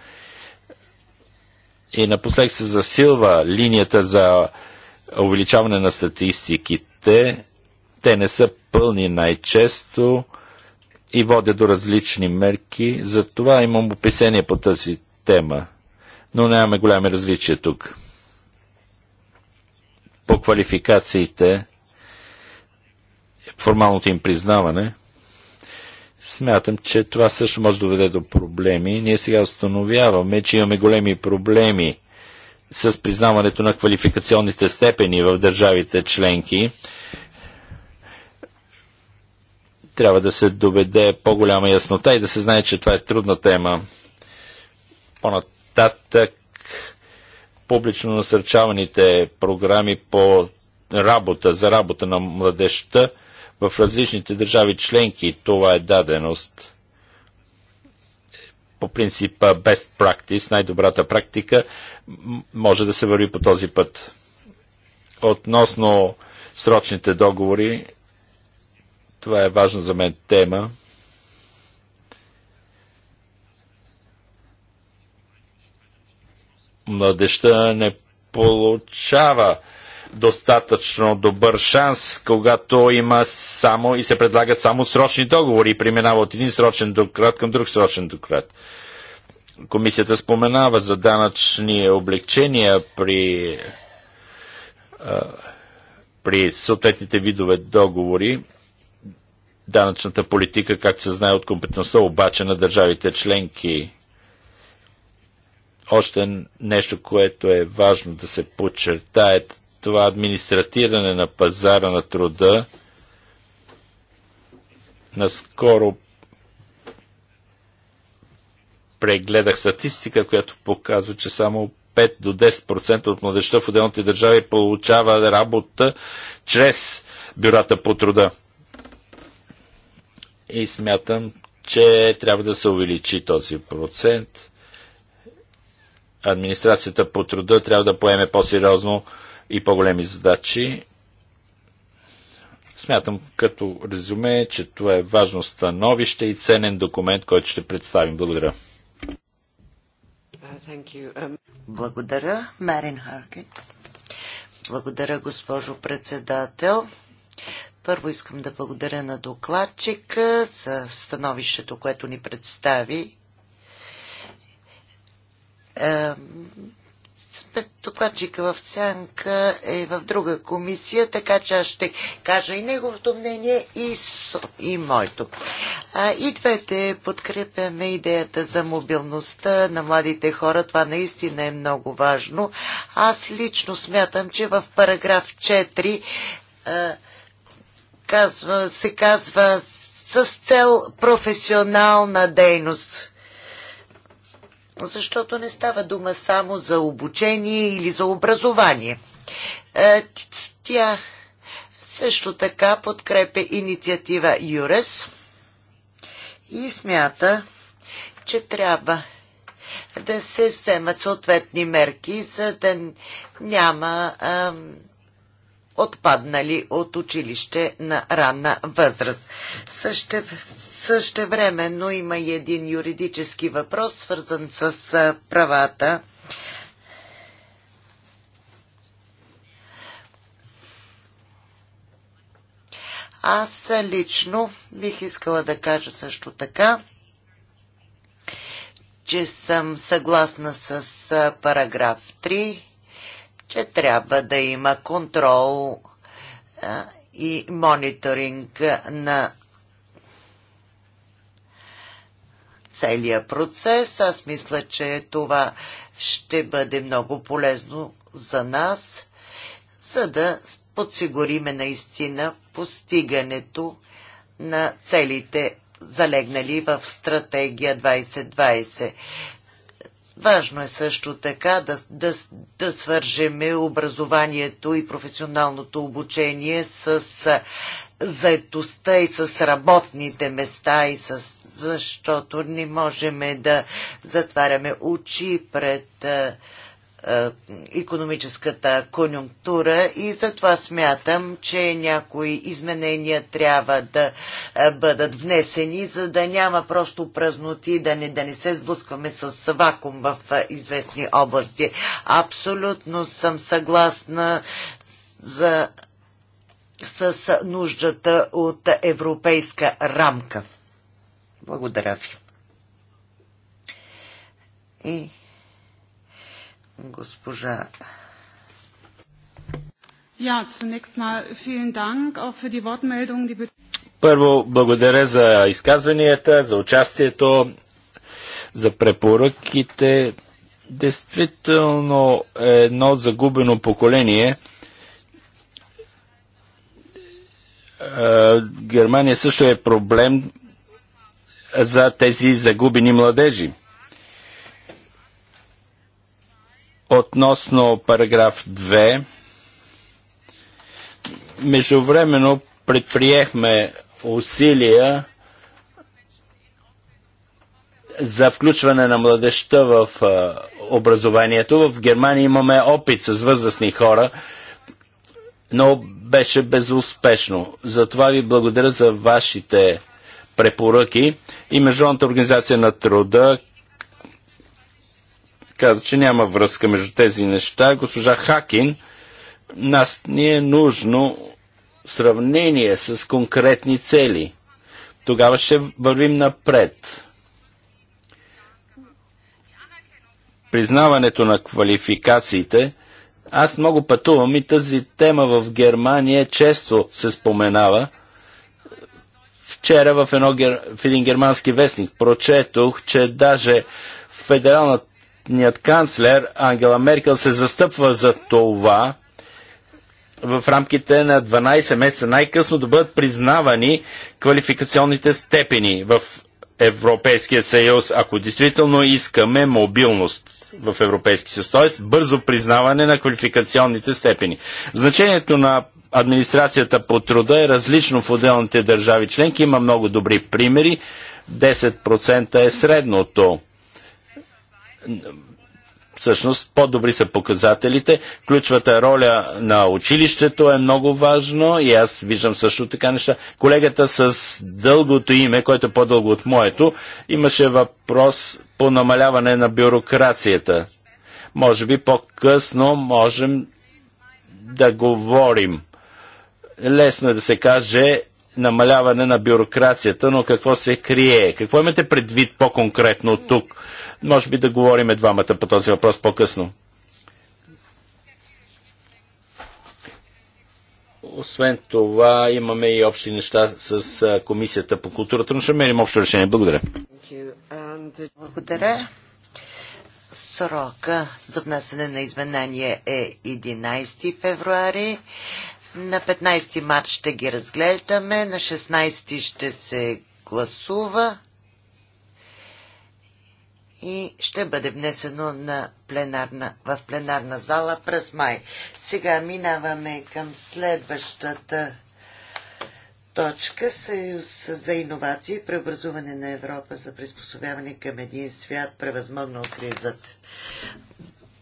и напоследък се засилва линията за увеличаване на статистиките те не са пълни най-често и водят до различни мерки. Затова имам описание по тази тема. Но нямаме голями различия тук. По квалификациите, формалното им признаване, смятам, че това също може да доведе до проблеми. Ние сега установяваме, че имаме големи проблеми с признаването на квалификационните степени в държавите членки трябва да се доведе по-голяма яснота и да се знае, че това е трудна тема. По-нататък публично насърчаваните програми по работа, за работа на младежта в различните държави членки, това е даденост. По принципа best practice, най-добрата практика, може да се върви по този път. Относно срочните договори, това е важна за мен тема. Младеща не получава достатъчно добър шанс, когато има само и се предлагат само срочни договори и преминава от един срочен доклад към друг срочен доклад. Комисията споменава за данъчни облегчения при, а, при съответните видове договори данъчната политика, както се знае от компетентността обаче на държавите членки. Още нещо, което е важно да се подчертае, това администратиране на пазара на труда. Наскоро прегледах статистика, която показва, че само 5 до 10% от младеща в отделните държави получава работа чрез бюрата по труда. И смятам, че трябва да се увеличи този процент. Администрацията по труда трябва да поеме по-сериозно и по-големи задачи. Смятам като резюме, че това е важно становище и ценен документ, който ще представим. Благодаря. Um, Благодаря, Марин Харкет. Благодаря, госпожо председател. Първо искам да благодаря на докладчика за становището, което ни представи. Докладчика в Сянка е в друга комисия, така че аз ще кажа и неговото мнение, и, и моето. А, и двете подкрепяме идеята за мобилността на младите хора. Това наистина е много важно. Аз лично смятам, че в параграф 4 а, казва, се казва с цел професионална дейност. Защото не става дума само за обучение или за образование. Е, тя също така подкрепя инициатива ЮРЕС и смята, че трябва да се вземат съответни мерки, за да няма ам, отпаднали от училище на ранна възраст. Също, същевременно има и един юридически въпрос, свързан с правата Аз лично бих искала да кажа също така, че съм съгласна с параграф 3 че трябва да има контрол и мониторинг на целия процес. Аз мисля, че това ще бъде много полезно за нас, за да подсигуриме наистина постигането на целите залегнали в стратегия 2020. Важно е също така да, да, да свържеме образованието и професионалното обучение с заетостта и с работните места, и с, защото не можем да затваряме очи пред а, е, економическата конюнктура и затова смятам, че някои изменения трябва да е, бъдат внесени, за да няма просто празноти, да не, да не се сблъскваме с вакуум в е, известни области. Абсолютно съм съгласна за, с нуждата от европейска рамка. Благодаря ви. И госпожа. Първо, благодаря за изказванията, за участието, за препоръките. Действително е едно загубено поколение. Германия също е проблем за тези загубени младежи. Относно параграф 2, междувременно предприехме усилия за включване на младеща в образованието. В Германия имаме опит с възрастни хора, но беше безуспешно. Затова ви благодаря за вашите препоръки и Международната организация на труда каза, че няма връзка между тези неща. Госпожа Хакин, нас ни е нужно сравнение с конкретни цели. Тогава ще вървим напред. Признаването на квалификациите. Аз много пътувам и тази тема в Германия често се споменава. Вчера в, едно, в един германски вестник прочетох, че даже Федералната Германският канцлер Ангела Меркел се застъпва за това в рамките на 12 месеца най-късно да бъдат признавани квалификационните степени в Европейския съюз, ако действително искаме мобилност в Европейския съюз, т.е. бързо признаване на квалификационните степени. Значението на администрацията по труда е различно в отделните държави членки. Има много добри примери. 10% е средното всъщност по-добри са показателите. Ключвата роля на училището е много важно и аз виждам също така неща. Колегата с дългото име, което е по-дълго от моето, имаше въпрос по намаляване на бюрокрацията. Може би по-късно можем да говорим. Лесно е да се каже намаляване на бюрокрацията, но какво се крие? Какво имате предвид по-конкретно тук? Може би да говорим двамата по този въпрос по-късно. Освен това, имаме и общи неща с Комисията по културата, но ще мерим общо решение. Благодаря. Благодаря. Срока за внасене на изменение е 11 февруари. На 15 март ще ги разглеждаме, на 16 ще се гласува и ще бъде внесено на пленарна, в пленарна зала през май. Сега минаваме към следващата точка Съюз за иновации и преобразуване на Европа за приспособяване към един свят, превъзмогнал кризата.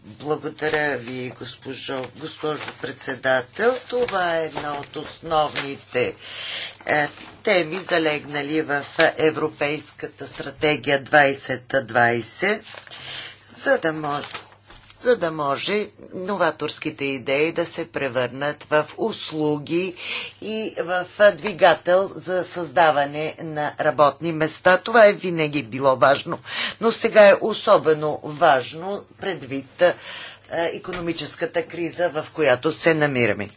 Благодаря ви, госпожо, госпожо председател. Това е една от основните е, теми, залегнали в Европейската стратегия 2020, за да може за да може новаторските идеи да се превърнат в услуги и в двигател за създаване на работни места. Това е винаги било важно, но сега е особено важно предвид економическата криза, в която се намираме.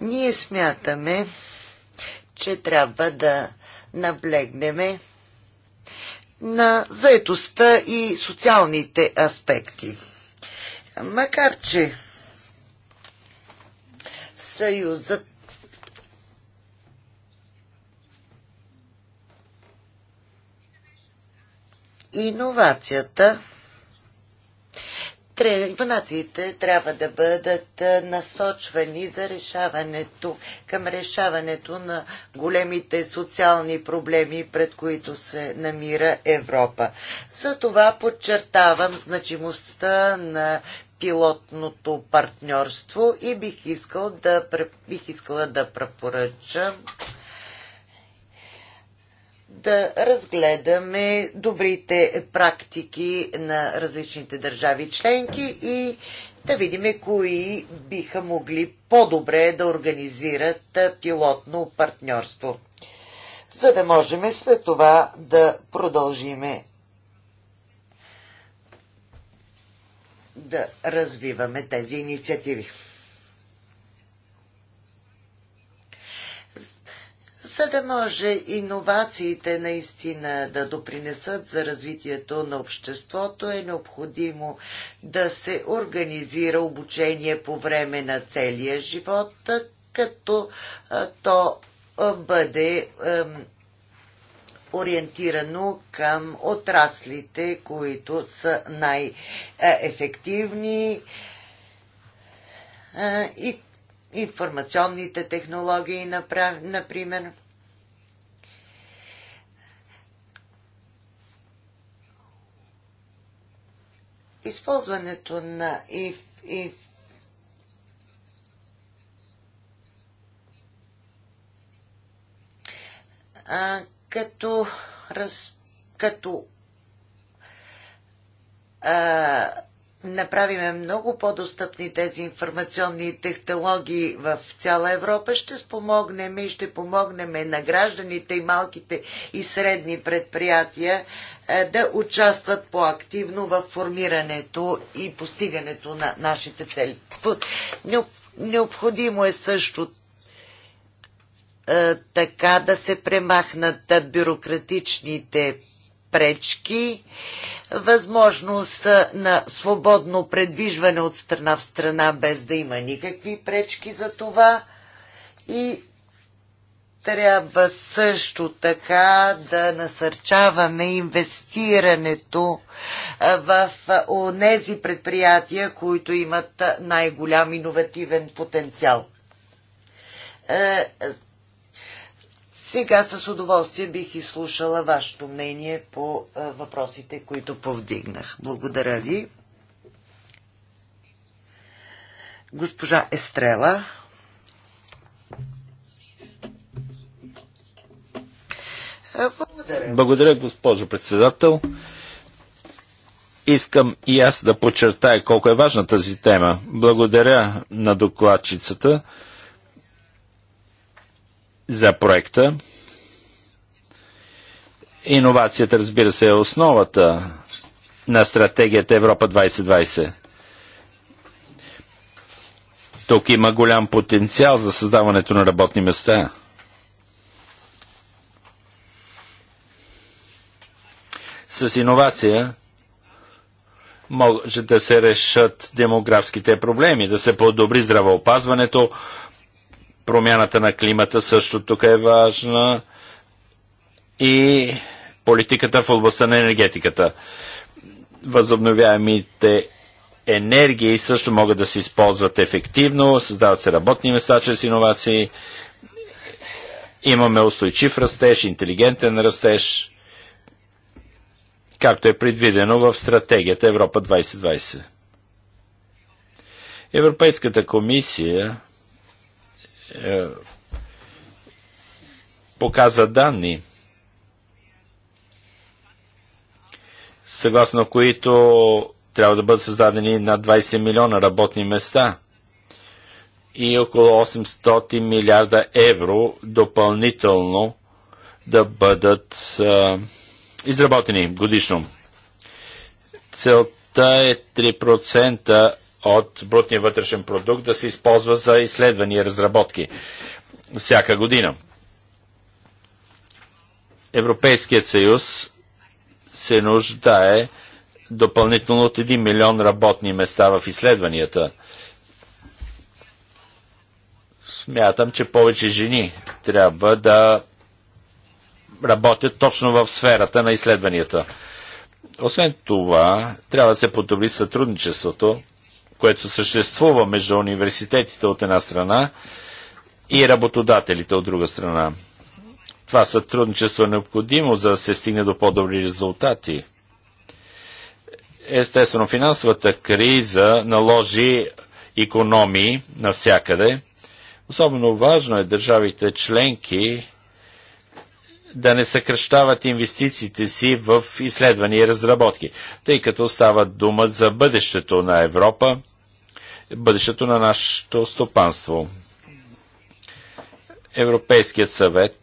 Ние смятаме, че трябва да наблегнеме на заетостта и социалните аспекти. Макар, че Съюзът иновацията Иновациите трябва да бъдат насочвани за решаването, към решаването на големите социални проблеми, пред които се намира Европа. За това подчертавам значимостта на пилотното партньорство и бих, искал да, бих искала да препоръчам да разгледаме добрите практики на различните държави членки и да видим кои биха могли по-добре да организират пилотно партньорство, за да можем след това да продължиме да развиваме тези инициативи. за да може иновациите наистина да допринесат за развитието на обществото, е необходимо да се организира обучение по време на целия живот, като то бъде ориентирано към отраслите, които са най-ефективни и информационните технологии, например. Използването на и, и като, раз, като а, направиме много по-достъпни тези информационни технологии в цяла Европа, ще спомогнем и ще помогнем на гражданите и малките и средни предприятия да участват по-активно в формирането и постигането на нашите цели. Необходимо е също е, така да се премахнат бюрократичните пречки, възможност на свободно предвижване от страна в страна, без да има никакви пречки за това. И трябва също така да насърчаваме инвестирането е, в тези е, предприятия, които имат най-голям иновативен потенциал сега с удоволствие бих изслушала вашето мнение по е, въпросите, които повдигнах. Благодаря ви. Госпожа Естрела. Е, благодаря. Благодаря, госпожо председател. Искам и аз да подчертая колко е важна тази тема. Благодаря на докладчицата за проекта. Иновацията, разбира се, е основата на стратегията Европа 2020. Тук има голям потенциал за създаването на работни места. С иновация може да се решат демографските проблеми, да се подобри здравеопазването, Промяната на климата също тук е важна и политиката в областта на енергетиката. Възобновяемите енергии също могат да се използват ефективно, създават се работни места чрез иновации, имаме устойчив растеж, интелигентен растеж, както е предвидено в стратегията Европа 2020. Европейската комисия е, показа данни, съгласно които трябва да бъдат създадени над 20 милиона работни места и около 800 милиарда евро допълнително да бъдат а, е, изработени годишно. Целта е 3% от брутния вътрешен продукт да се използва за изследвания и разработки всяка година. Европейският съюз се нуждае допълнително от 1 милион работни места в изследванията. Смятам, че повече жени трябва да работят точно в сферата на изследванията. Освен това, трябва да се подобри сътрудничеството което съществува между университетите от една страна и работодателите от друга страна. Това сътрудничество е необходимо, за да се стигне до по-добри резултати. Естествено, финансовата криза наложи економии навсякъде. Особено важно е държавите членки да не съкръщават инвестициите си в изследвания и разработки, тъй като става дума за бъдещето на Европа, бъдещето на нашето стопанство. Европейският съвет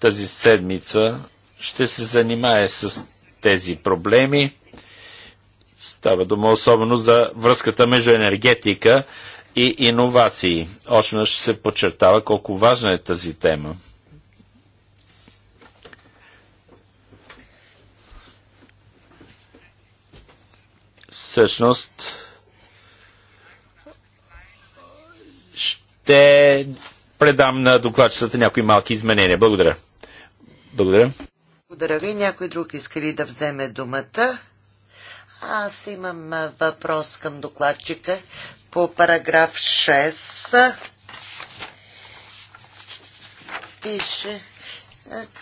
тази седмица ще се занимае с тези проблеми. Става дума особено за връзката между енергетика и иновации. Очно ще се подчертава колко важна е тази тема. всъщност ще предам на докладчицата някои малки изменения. Благодаря. Благодаря. Благодаря ви. Някой друг иска ли да вземе думата? Аз имам въпрос към докладчика по параграф 6. Пише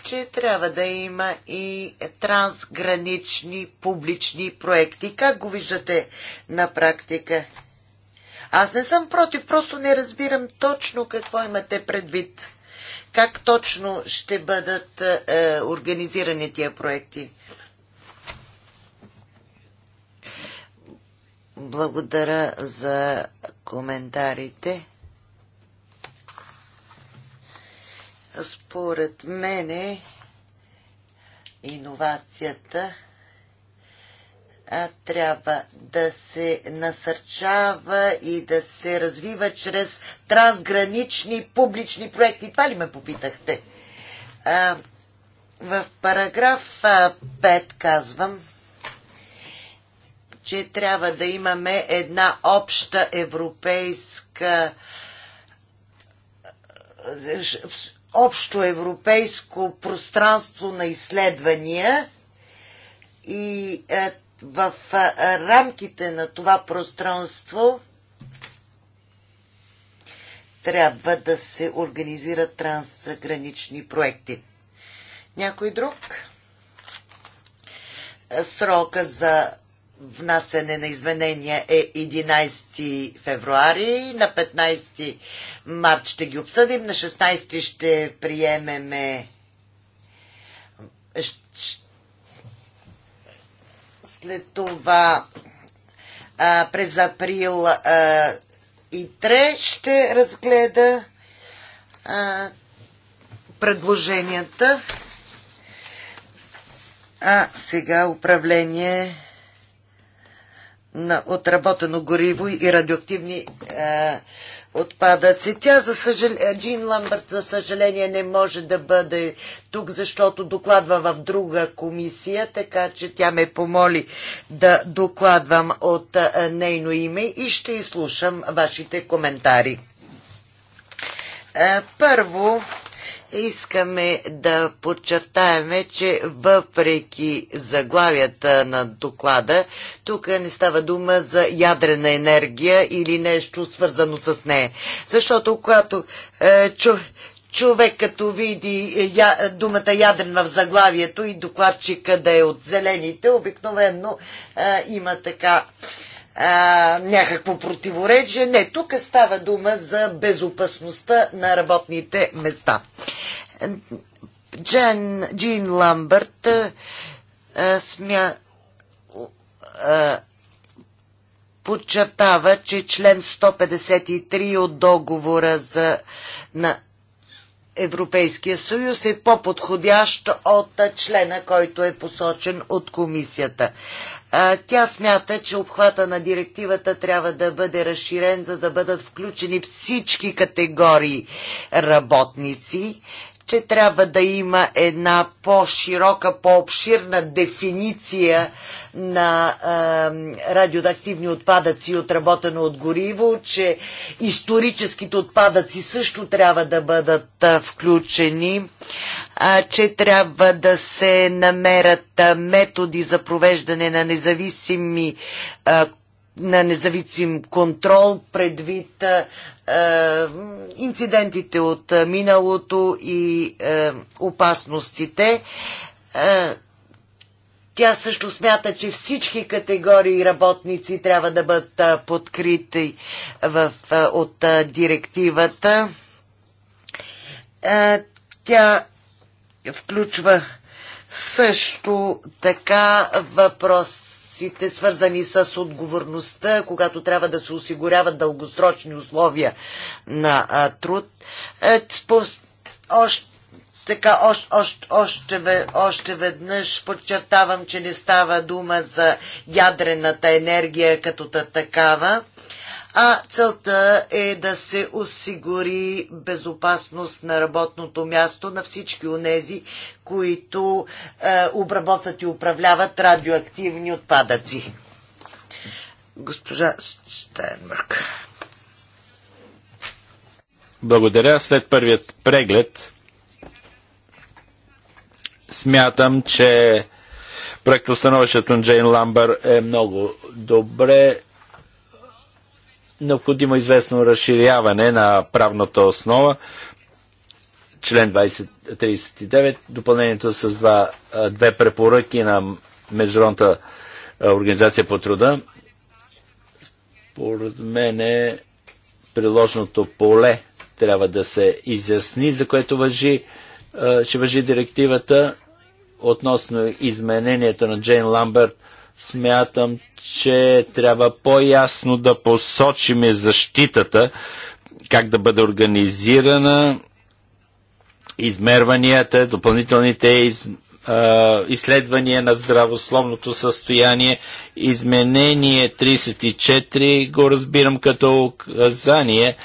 че трябва да има и трансгранични публични проекти. Как го виждате на практика? Аз не съм против, просто не разбирам точно какво имате предвид. Как точно ще бъдат е, организирани тия проекти? Благодаря за коментарите. Според мене иновацията трябва да се насърчава и да се развива чрез трансгранични публични проекти. Това ли ме попитахте? А, в параграф 5 казвам, че трябва да имаме една обща европейска общо европейско пространство на изследвания и е, в е, рамките на това пространство трябва да се организират трансгранични проекти. Някой друг? Срока за внасене на изменения е 11 февруари, на 15 март ще ги обсъдим, на 16 ще приемеме след това а, през април а, и тре ще разгледа а, предложенията. А сега управление на отработено гориво и радиоактивни е, отпадъци. Тя, за съжаление, Джин Ламбърт, за съжаление, не може да бъде тук, защото докладва в друга комисия, така че тя ме помоли да докладвам от е, нейно име и ще изслушам вашите коментари. Е, първо, Искаме да подчертаеме, че въпреки заглавията на доклада, тук не става дума за ядрена енергия или нещо свързано с нея. Защото когато е, чу, човек като види е, я, думата ядрена в заглавието и докладчика да е от зелените, обикновено е, има така а, е, някакво противоречие. Не, тук става дума за безопасността на работните места. Джен, Джин Ламбърт а, смя, а, подчертава, че член 153 от договора за, на Европейския съюз е по-подходящ от члена, който е посочен от комисията. Тя смята, че обхвата на директивата трябва да бъде разширен, за да бъдат включени всички категории работници че трябва да има една по-широка, по-обширна дефиниция на е, радиоактивни отпадъци, отработено от гориво, че историческите отпадъци също трябва да бъдат включени, а, че трябва да се намерят методи за провеждане на независими е, на независим контрол предвид а, инцидентите от миналото и а, опасностите. А, тя също смята, че всички категории работници трябва да бъдат подкрити в, от директивата. Тя включва също така въпрос въпросите, свързани с отговорността, когато трябва да се осигуряват дългосрочни условия на а, труд. Е, още така, още, още, още, още веднъж подчертавам, че не става дума за ядрената енергия като такава а целта е да се осигури безопасност на работното място на всички онези, които е, обработват и управляват радиоактивни отпадъци. Госпожа Штенбърг. Благодаря. След първият преглед смятам, че проектостановището на Джейн Ламбър е много добре необходимо е известно разширяване на правната основа. Член 2039, 39, допълнението с два, две препоръки на Международната организация по труда. Според мен е приложното поле трябва да се изясни, за което въжи, ще въжи директивата относно изменението на Джейн Ламберт Смятам, че трябва по-ясно да посочиме защитата, как да бъде организирана, измерванията, допълнителните из, а, изследвания на здравословното състояние. Изменение 34 го разбирам като указание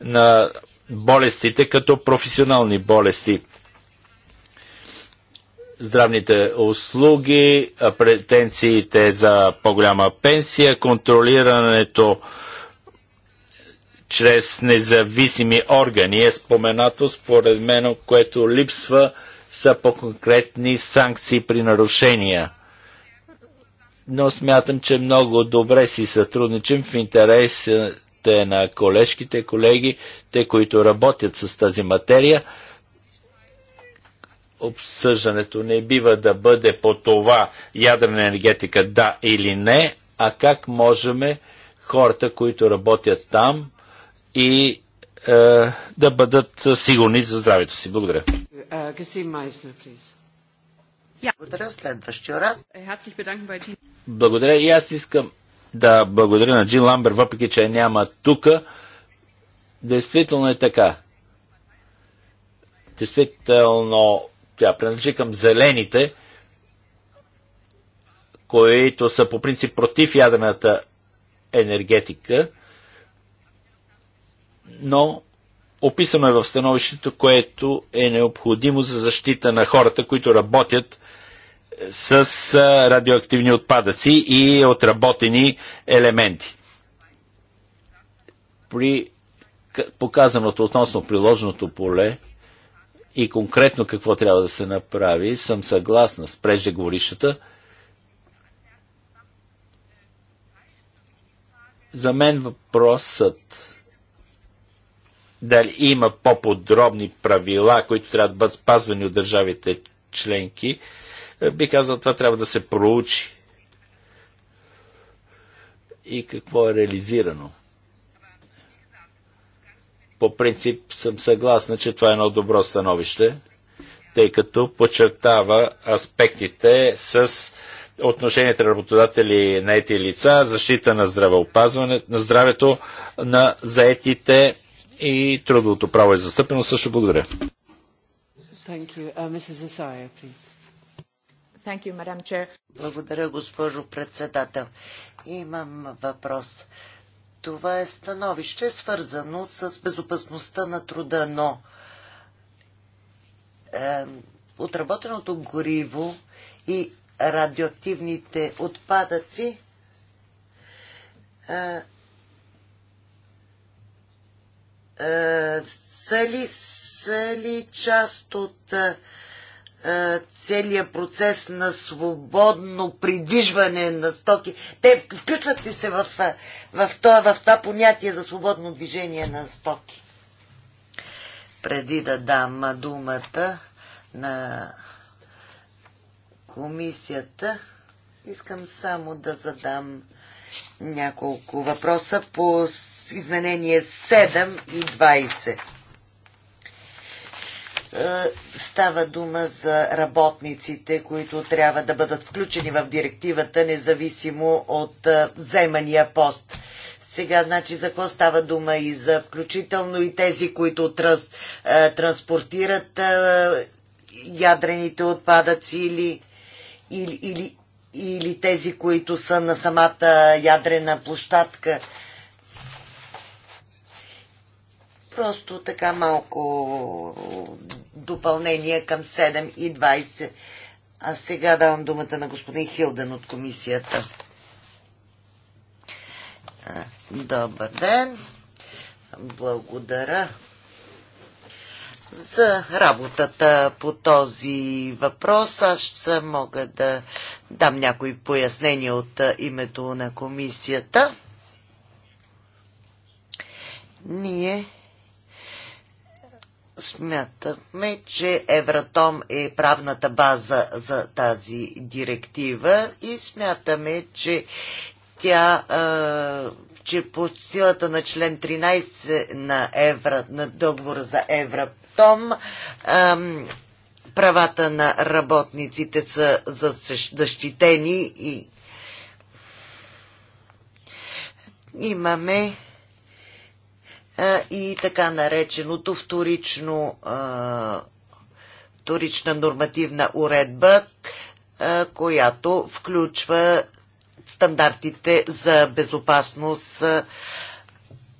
на болестите, като професионални болести здравните услуги, претенциите за по-голяма пенсия, контролирането чрез независими органи е споменато, според мен, което липсва са по-конкретни санкции при нарушения. Но смятам, че много добре си сътрудничим в интересите на колежките, колеги, те, които работят с тази материя – обсъждането не бива да бъде по това ядрена енергетика да или не, а как можем хората, които работят там и е, да бъдат сигурни за здравето си. Благодаря. Е, благодаря. Следващия е, Благодаря. И аз искам да благодаря на Джин Ламбер, въпреки че няма тук. Действително е така. Действително тя принадлежи към зелените, които са по принцип против ядрената енергетика, но описано е в становището, което е необходимо за защита на хората, които работят е, с радиоактивни отпадъци и отработени елементи. При показаното относно приложното поле, и конкретно какво трябва да се направи, съм съгласна с преждеговорищата. За мен въпросът дали има по-подробни правила, които трябва да бъдат спазвани от държавите членки, е, би казал, това трябва да се проучи. И какво е реализирано. По принцип съм съгласна, че това е едно добро становище, тъй като подчертава аспектите с отношенията на работодатели на ети лица, защита на здравеопазване, на здравето на заетите и трудовото право е застъпено. Също благодаря. Uh, благодаря, госпожо председател. Имам въпрос това е становище свързано с безопасността на труда, но е, отработеното гориво и радиоактивните отпадъци е, е, са ли, са ли част от е, е, целият процес на свободно придвижване на стоки. Те включват ли се в, е, в, това, в това понятие за свободно движение на стоки? Преди да дам думата на комисията, искам само да задам няколко въпроса по изменение 7 и 20. Е, става дума за работниците, които трябва да бъдат включени в директивата, независимо от е, вземания пост. Сега, значи, за какво става дума и за включително и тези, които транс, е, транспортират ядрените отпадъци или, или, или, или тези, които са на самата ядрена площадка. Просто така малко допълнение към 7 и 20. А сега давам думата на господин Хилден от комисията. Добър ден. Благодаря за работата по този въпрос. Аз мога да дам някои пояснения от името на комисията. Ние Смятахме, че Евратом е правната база за тази директива и смятаме, че тя че по силата на член 13 на, Евра, на договор за Евратом правата на работниците са защитени и имаме и така нареченото вторично, вторична нормативна уредба, която включва стандартите за безопасност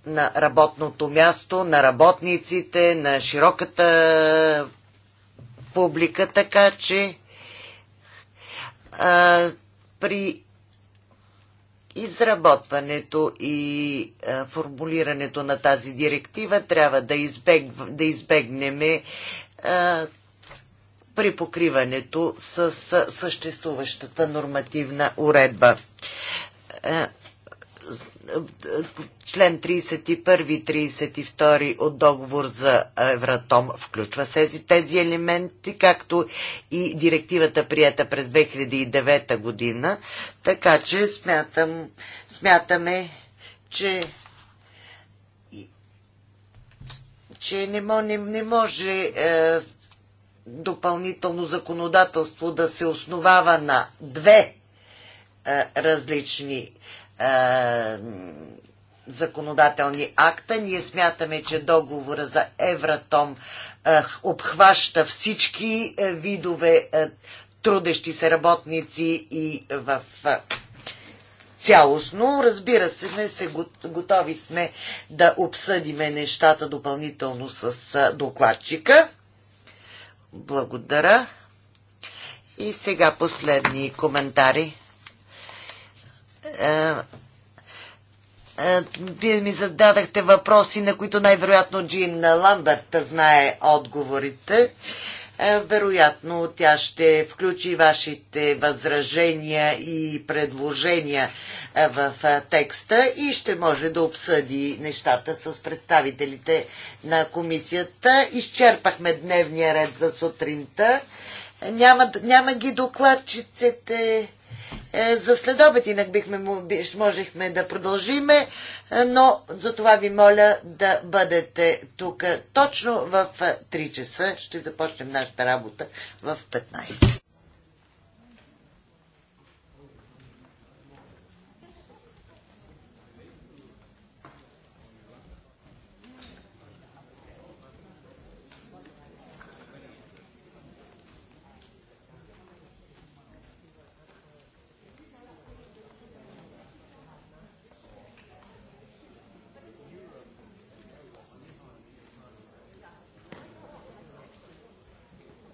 на работното място, на работниците, на широката публика, така че а, при изработването и е, формулирането на тази директива трябва да, избег, да избегнем е, при покриването с, съществуващата нормативна уредба. Е, член 31 32 от договор за Евратом включва тези, тези елементи, както и директивата прията през 2009 година. Така че смятам, смятаме, че че не, не, не може е, допълнително законодателство да се основава на две е, различни е, законодателни акта. Ние смятаме, че договора за Евратом е, обхваща всички е, видове трудещи се работници и в цялостно. Разбира се, не се готови сме да обсъдиме нещата допълнително с докладчика. Благодаря. И сега последни коментари. Е, е, вие ми зададахте въпроси, на които най-вероятно Джин Ламберт знае отговорите. Е, вероятно тя ще включи вашите възражения и предложения в текста и ще може да обсъди нещата с представителите на комисията. Изчерпахме дневния ред за сутринта. Няма, няма ги докладчиците е, за следобед, инак бихме, можехме да продължиме, е, но за това ви моля да бъдете тук. Точно в 3 е, часа ще започнем нашата работа в 15.